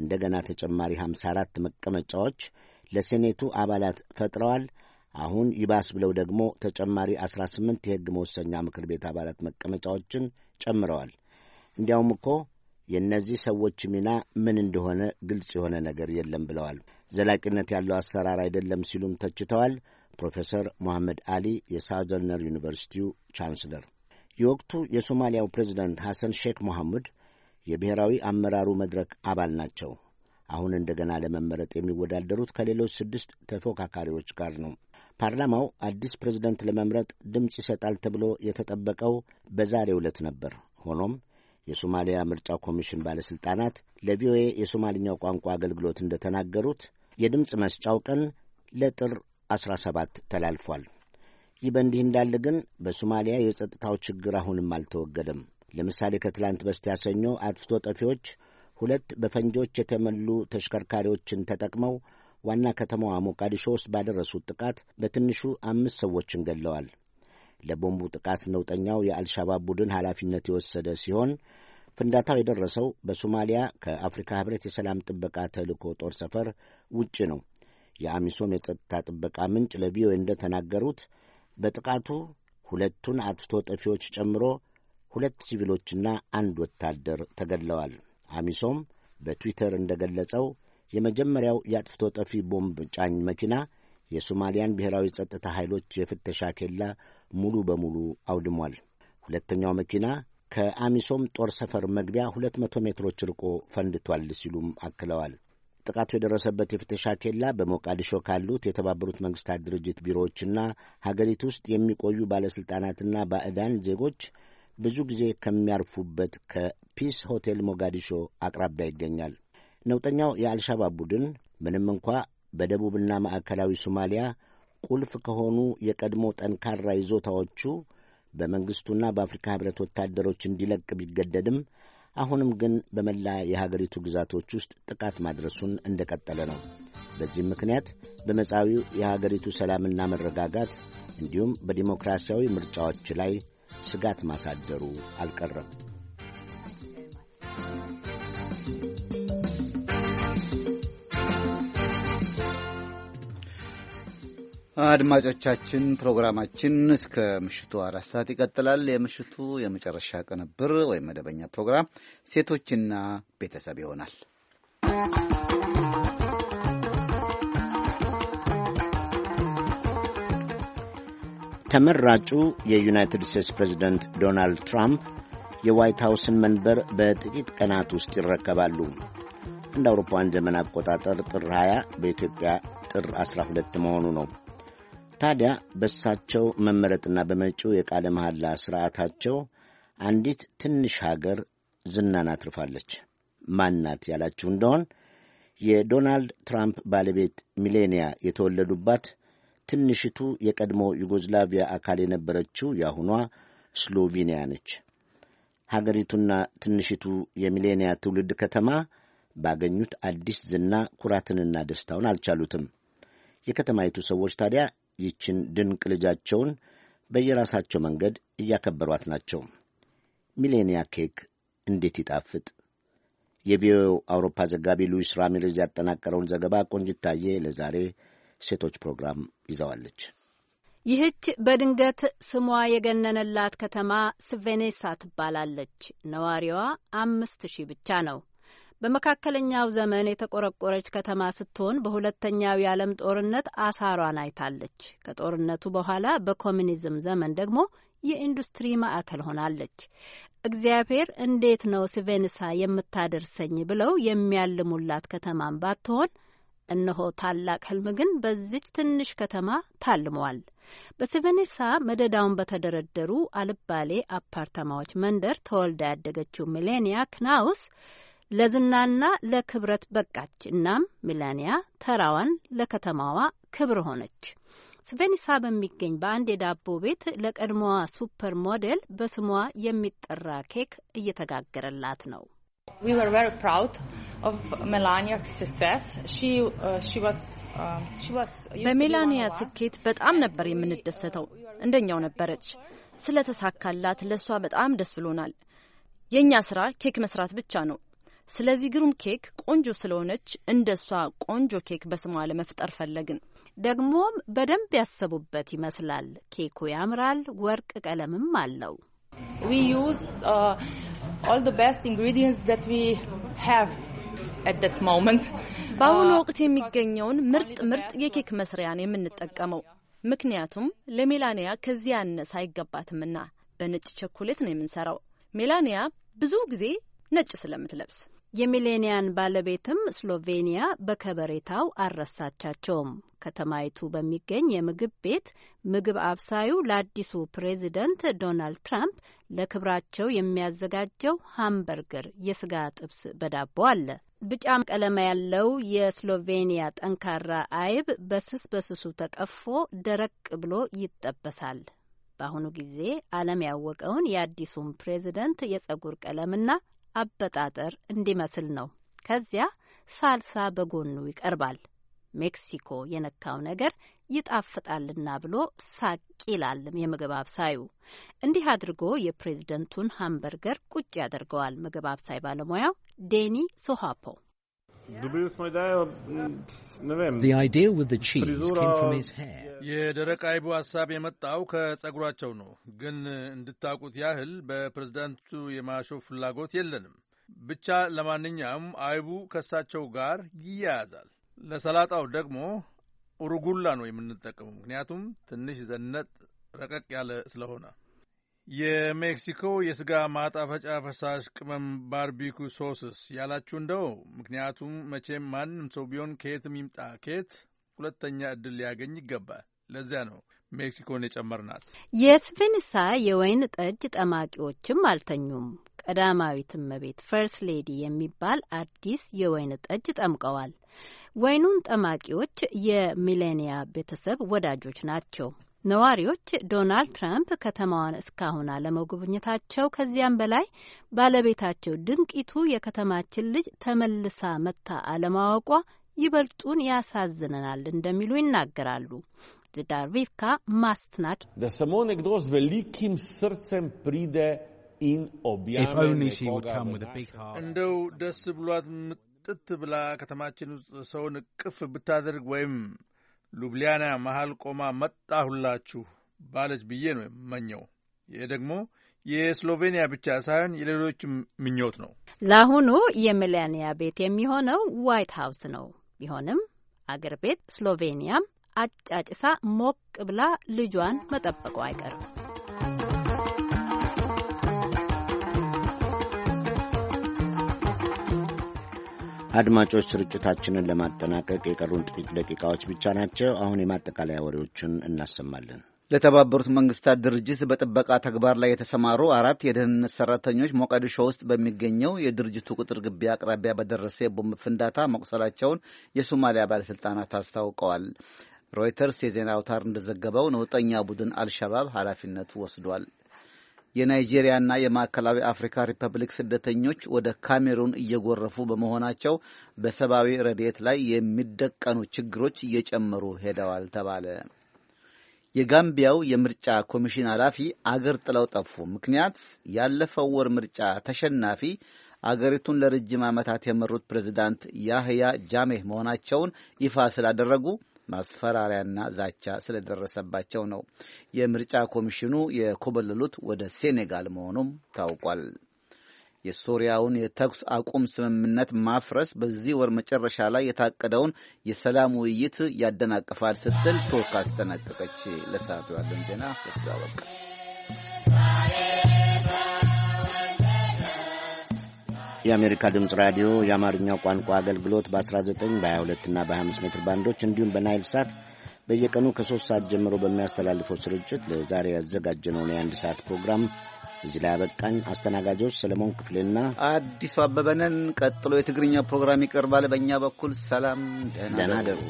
እንደገና ተጨማሪ 54 መቀመጫዎች ለሴኔቱ አባላት ፈጥረዋል። አሁን ይባስ ብለው ደግሞ ተጨማሪ 18 የሕግ መወሰኛ ምክር ቤት አባላት መቀመጫዎችን ጨምረዋል። እንዲያውም እኮ የእነዚህ ሰዎች ሚና ምን እንደሆነ ግልጽ የሆነ ነገር የለም ብለዋል። ዘላቂነት ያለው አሰራር አይደለም ሲሉም ተችተዋል። ፕሮፌሰር ሞሐመድ አሊ የሳውዘርነር ዩኒቨርሲቲው ቻንስለር። የወቅቱ የሶማሊያው ፕሬዚደንት ሐሰን ሼክ ሞሐሙድ የብሔራዊ አመራሩ መድረክ አባል ናቸው። አሁን እንደገና ለመመረጥ የሚወዳደሩት ከሌሎች ስድስት ተፎካካሪዎች ጋር ነው። ፓርላማው አዲስ ፕሬዝደንት ለመምረጥ ድምፅ ይሰጣል ተብሎ የተጠበቀው በዛሬው ዕለት ነበር። ሆኖም የሶማሊያ ምርጫ ኮሚሽን ባለሥልጣናት ለቪኦኤ የሶማልኛው ቋንቋ አገልግሎት እንደተናገሩት የድምፅ መስጫው ቀን ለጥር 17 ተላልፏል። ይህ በእንዲህ እንዳለ ግን በሶማሊያ የጸጥታው ችግር አሁንም አልተወገደም። ለምሳሌ ከትላንት በስቲያ ሰኞ አጥፍቶ ጠፊዎች ሁለት በፈንጂዎች የተመሉ ተሽከርካሪዎችን ተጠቅመው ዋና ከተማዋ ሞቃዲሾ ውስጥ ባደረሱት ጥቃት በትንሹ አምስት ሰዎችን ገድለዋል። ለቦምቡ ጥቃት ነውጠኛው የአልሻባብ ቡድን ኃላፊነት የወሰደ ሲሆን ፍንዳታው የደረሰው በሶማሊያ ከአፍሪካ ህብረት የሰላም ጥበቃ ተልእኮ ጦር ሰፈር ውጭ ነው። የአሚሶም የጸጥታ ጥበቃ ምንጭ ለቪኦኤ እንደተናገሩት በጥቃቱ ሁለቱን አጥፍቶ ጠፊዎች ጨምሮ ሁለት ሲቪሎችና አንድ ወታደር ተገድለዋል። አሚሶም በትዊተር እንደገለጸው የመጀመሪያው የአጥፍቶ ጠፊ ቦምብ ጫኝ መኪና የሶማሊያን ብሔራዊ ጸጥታ ኃይሎች የፍተሻ ኬላ ሙሉ በሙሉ አውድሟል። ሁለተኛው መኪና ከአሚሶም ጦር ሰፈር መግቢያ 200 ሜትሮች ርቆ ፈንድቷል ሲሉም አክለዋል። ጥቃቱ የደረሰበት የፍተሻ ኬላ በሞቃዲሾ ካሉት የተባበሩት መንግስታት ድርጅት ቢሮዎችና ሀገሪቱ ውስጥ የሚቆዩ ባለሥልጣናትና ባዕዳን ዜጎች ብዙ ጊዜ ከሚያርፉበት ከፒስ ሆቴል ሞጋዲሾ አቅራቢያ ይገኛል። ነውጠኛው የአልሻባብ ቡድን ምንም እንኳ በደቡብና ማዕከላዊ ሶማሊያ ቁልፍ ከሆኑ የቀድሞ ጠንካራ ይዞታዎቹ በመንግሥቱና በአፍሪካ ኅብረት ወታደሮች እንዲለቅ ቢገደድም አሁንም ግን በመላ የሀገሪቱ ግዛቶች ውስጥ ጥቃት ማድረሱን እንደቀጠለ ነው። በዚህም ምክንያት በመጻዊው የሀገሪቱ ሰላምና መረጋጋት እንዲሁም በዲሞክራሲያዊ ምርጫዎች ላይ ስጋት ማሳደሩ አልቀረም። አድማጮቻችን ፕሮግራማችን እስከ ምሽቱ አራት ሰዓት ይቀጥላል። የምሽቱ የመጨረሻ ቅንብር ወይም መደበኛ ፕሮግራም ሴቶችና ቤተሰብ ይሆናል። ተመራጩ የዩናይትድ ስቴትስ ፕሬዝደንት ዶናልድ ትራምፕ የዋይት ሃውስን መንበር በጥቂት ቀናት ውስጥ ይረከባሉ። እንደ አውሮፓውያን ዘመን አቆጣጠር ጥር 20 በኢትዮጵያ ጥር 12 መሆኑ ነው። ታዲያ በእሳቸው መመረጥና በመጪው የቃለ መሐላ ሥርዓታቸው አንዲት ትንሽ ሀገር ዝናን አትርፋለች። ማናት ያላችሁ እንደሆን የዶናልድ ትራምፕ ባለቤት ሚሌኒያ የተወለዱባት ትንሽቱ የቀድሞ ዩጎዝላቪያ አካል የነበረችው የአሁኗ ስሎቬኒያ ነች። ሀገሪቱና ትንሽቱ የሚሌኒያ ትውልድ ከተማ ባገኙት አዲስ ዝና ኩራትንና ደስታውን አልቻሉትም። የከተማይቱ ሰዎች ታዲያ ይችን ድንቅ ልጃቸውን በየራሳቸው መንገድ እያከበሯት ናቸው። ሚሌኒያ ኬክ እንዴት ይጣፍጥ! የቪዮ አውሮፓ ዘጋቢ ሉዊስ ራሚሬዝ ያጠናቀረውን ዘገባ ቆንጅታዬ ለዛሬ ሴቶች ፕሮግራም ይዘዋለች። ይህች በድንገት ስሟ የገነነላት ከተማ ስቬኔሳ ትባላለች። ነዋሪዋ አምስት ሺህ ብቻ ነው። በመካከለኛው ዘመን የተቆረቆረች ከተማ ስትሆን በሁለተኛው የዓለም ጦርነት አሳሯን አይታለች። ከጦርነቱ በኋላ በኮሚኒዝም ዘመን ደግሞ የኢንዱስትሪ ማዕከል ሆናለች። እግዚአብሔር እንዴት ነው ስቬንሳ የምታደርሰኝ ብለው የሚያልሙላት ከተማም ባትሆን እነሆ ታላቅ ህልም ግን በዚች ትንሽ ከተማ ታልሟል። በስቬኔሳ መደዳውን በተደረደሩ አልባሌ አፓርታማዎች መንደር ተወልዳ ያደገችው ሚሌኒያ ክናውስ ለዝናና ለክብረት በቃች። እናም ሚላኒያ ተራዋን ለከተማዋ ክብር ሆነች። ስቬኒሳ በሚገኝ በአንድ የዳቦ ቤት ለቀድሞዋ ሱፐር ሞዴል በስሟ የሚጠራ ኬክ እየተጋገረላት ነው። uh, um, በሜላኒያ ስኬት በጣም ነበር የምንደሰተው። እንደኛው ነበረች። ስለተሳካላት ለእሷ በጣም ደስ ብሎናል። የእኛ ስራ ኬክ መስራት ብቻ ነው። ስለዚህ ግሩም ኬክ ቆንጆ ስለሆነች እንደ እሷ ቆንጆ ኬክ በስሟ ለመፍጠር ፈለግን። ደግሞም በደንብ ያሰቡበት ይመስላል። ኬኩ ያምራል፣ ወርቅ ቀለምም አለው። uh, በአሁኑ uh, ወቅት የሚገኘውን ምርጥ ምርጥ የኬክ መስሪያን የምንጠቀመው ምክንያቱም ለሜላኒያ ከዚህ ያነሰ አይገባትምና በነጭ ቸኮሌት ነው የምንሰራው። ሜላኒያ ብዙ ጊዜ ነጭ ስለምትለብስ የሚሌኒያን ባለቤትም ስሎቬኒያ በከበሬታው አልረሳቻቸውም። ከተማይቱ በሚገኝ የምግብ ቤት ምግብ አብሳዩ ለአዲሱ ፕሬዚደንት ዶናልድ ትራምፕ ለክብራቸው የሚያዘጋጀው ሃምበርገር የስጋ ጥብስ በዳቦ አለ። ብጫም ቀለም ያለው የስሎቬኒያ ጠንካራ አይብ በስስ በስሱ ተቀፎ ደረቅ ብሎ ይጠበሳል። በአሁኑ ጊዜ ዓለም ያወቀውን የአዲሱን ፕሬዚደንት የጸጉር ቀለምና አበጣጠር እንዲመስል ነው። ከዚያ ሳልሳ በጎኑ ይቀርባል። ሜክሲኮ የነካው ነገር ይጣፍጣልና ብሎ ሳቅ ይላልም የምግብ አብሳዩ። እንዲህ አድርጎ የፕሬዝደንቱን ሃምበርገር ቁጭ ያደርገዋል ምግብ አብሳይ ባለሙያው ዴኒ ሶሃፖ። የደረቅ mm, አይቡ ሀሳብ የመጣው ከጸጉራቸው ነው። ግን እንድታውቁት ያህል በፕሬዝዳንቱ የማሾፍ ፍላጎት የለንም። ብቻ ለማንኛውም አይቡ ከእሳቸው ጋር ይያያዛል። ለሰላጣው ደግሞ ኡሩጉላ ነው የምንጠቀመው፣ ምክንያቱም ትንሽ ዘነጥ ረቀቅ ያለ ስለሆነ የሜክሲኮ የስጋ ማጣፈጫ ፈሳሽ ቅመም ባርቢኩ ሶስስ ያላችሁ እንደው፣ ምክንያቱም መቼም ማንም ሰው ቢሆን ከየትም ይምጣ ከየት ሁለተኛ እድል ሊያገኝ ይገባል። ለዚያ ነው ሜክሲኮን የጨመርናት። የስፊንሳ የወይን ጠጅ ጠማቂዎችም አልተኙም። ቀዳማዊት እመቤት ፈርስት ሌዲ የሚባል አዲስ የወይን ጠጅ ጠምቀዋል። ወይኑን ጠማቂዎች የሚሌኒያ ቤተሰብ ወዳጆች ናቸው። ነዋሪዎች ዶናልድ ትራምፕ ከተማዋን እስካሁን አለመጎብኘታቸው ከዚያም በላይ ባለቤታቸው ድንቂቱ የከተማችን ልጅ ተመልሳ መጥታ አለማወቋ ይበልጡን ያሳዝነናል እንደሚሉ ይናገራሉ። ዝዳርቪካ ማስትናት እንደው ደስ ብሏት ምጥት ብላ ከተማችን ውስጥ ሰውን እቅፍ ብታደርግ ወይም ሉብሊያና መሃል ቆማ መጣሁላችሁ ባለች ብዬ ነው የመኘው። ይህ ደግሞ የስሎቬንያ ብቻ ሳይሆን የሌሎችም ምኞት ነው። ለአሁኑ የሚላኒያ ቤት የሚሆነው ዋይት ሀውስ ነው። ቢሆንም አገር ቤት ስሎቬኒያም አጫጭሳ ሞቅ ብላ ልጇን መጠበቁ አይቀርም። አድማጮች ስርጭታችንን ለማጠናቀቅ የቀሩን ጥቂት ደቂቃዎች ብቻ ናቸው። አሁን የማጠቃለያ ወሬዎችን እናሰማለን። ለተባበሩት መንግስታት ድርጅት በጥበቃ ተግባር ላይ የተሰማሩ አራት የደህንነት ሰራተኞች ሞቃዲሾ ውስጥ በሚገኘው የድርጅቱ ቅጥር ግቢ አቅራቢያ በደረሰ የቦምብ ፍንዳታ መቁሰላቸውን የሶማሊያ ባለሥልጣናት አስታውቀዋል። ሮይተርስ የዜና አውታር እንደዘገበው ነውጠኛ ቡድን አልሸባብ ኃላፊነት ወስዷል። የናይጄሪያና የማዕከላዊ አፍሪካ ሪፐብሊክ ስደተኞች ወደ ካሜሩን እየጎረፉ በመሆናቸው በሰብአዊ ረድኤት ላይ የሚደቀኑ ችግሮች እየጨመሩ ሄደዋል ተባለ። የጋምቢያው የምርጫ ኮሚሽን ኃላፊ አገር ጥለው ጠፉ። ምክንያት ያለፈው ወር ምርጫ ተሸናፊ አገሪቱን ለረጅም ዓመታት የመሩት ፕሬዚዳንት ያህያ ጃሜህ መሆናቸውን ይፋ ስላደረጉ ማስፈራሪያና ዛቻ ስለደረሰባቸው ነው። የምርጫ ኮሚሽኑ የኮበለሉት ወደ ሴኔጋል መሆኑም ታውቋል። የሶሪያውን የተኩስ አቁም ስምምነት ማፍረስ በዚህ ወር መጨረሻ ላይ የታቀደውን የሰላም ውይይት ያደናቅፋል ስትል ቱርክ አስጠነቀቀች። ለሰዓቱ ያለን ዜና በስጋ የአሜሪካ ድምፅ ራዲዮ የአማርኛው ቋንቋ አገልግሎት በ19 በ22 እና በ25 ሜትር ባንዶች እንዲሁም በናይል ሳት በየቀኑ ከሶስት ሰዓት ጀምሮ በሚያስተላልፈው ስርጭት ለዛሬ ያዘጋጀነውን የአንድ ሰዓት ፕሮግራም እዚህ ላይ አበቃኝ። አስተናጋጆች ሰለሞን ክፍሌና አዲሱ አበበነን። ቀጥሎ የትግርኛ ፕሮግራም ይቀርባል። በእኛ በኩል ሰላም፣ ደህና ደሩ።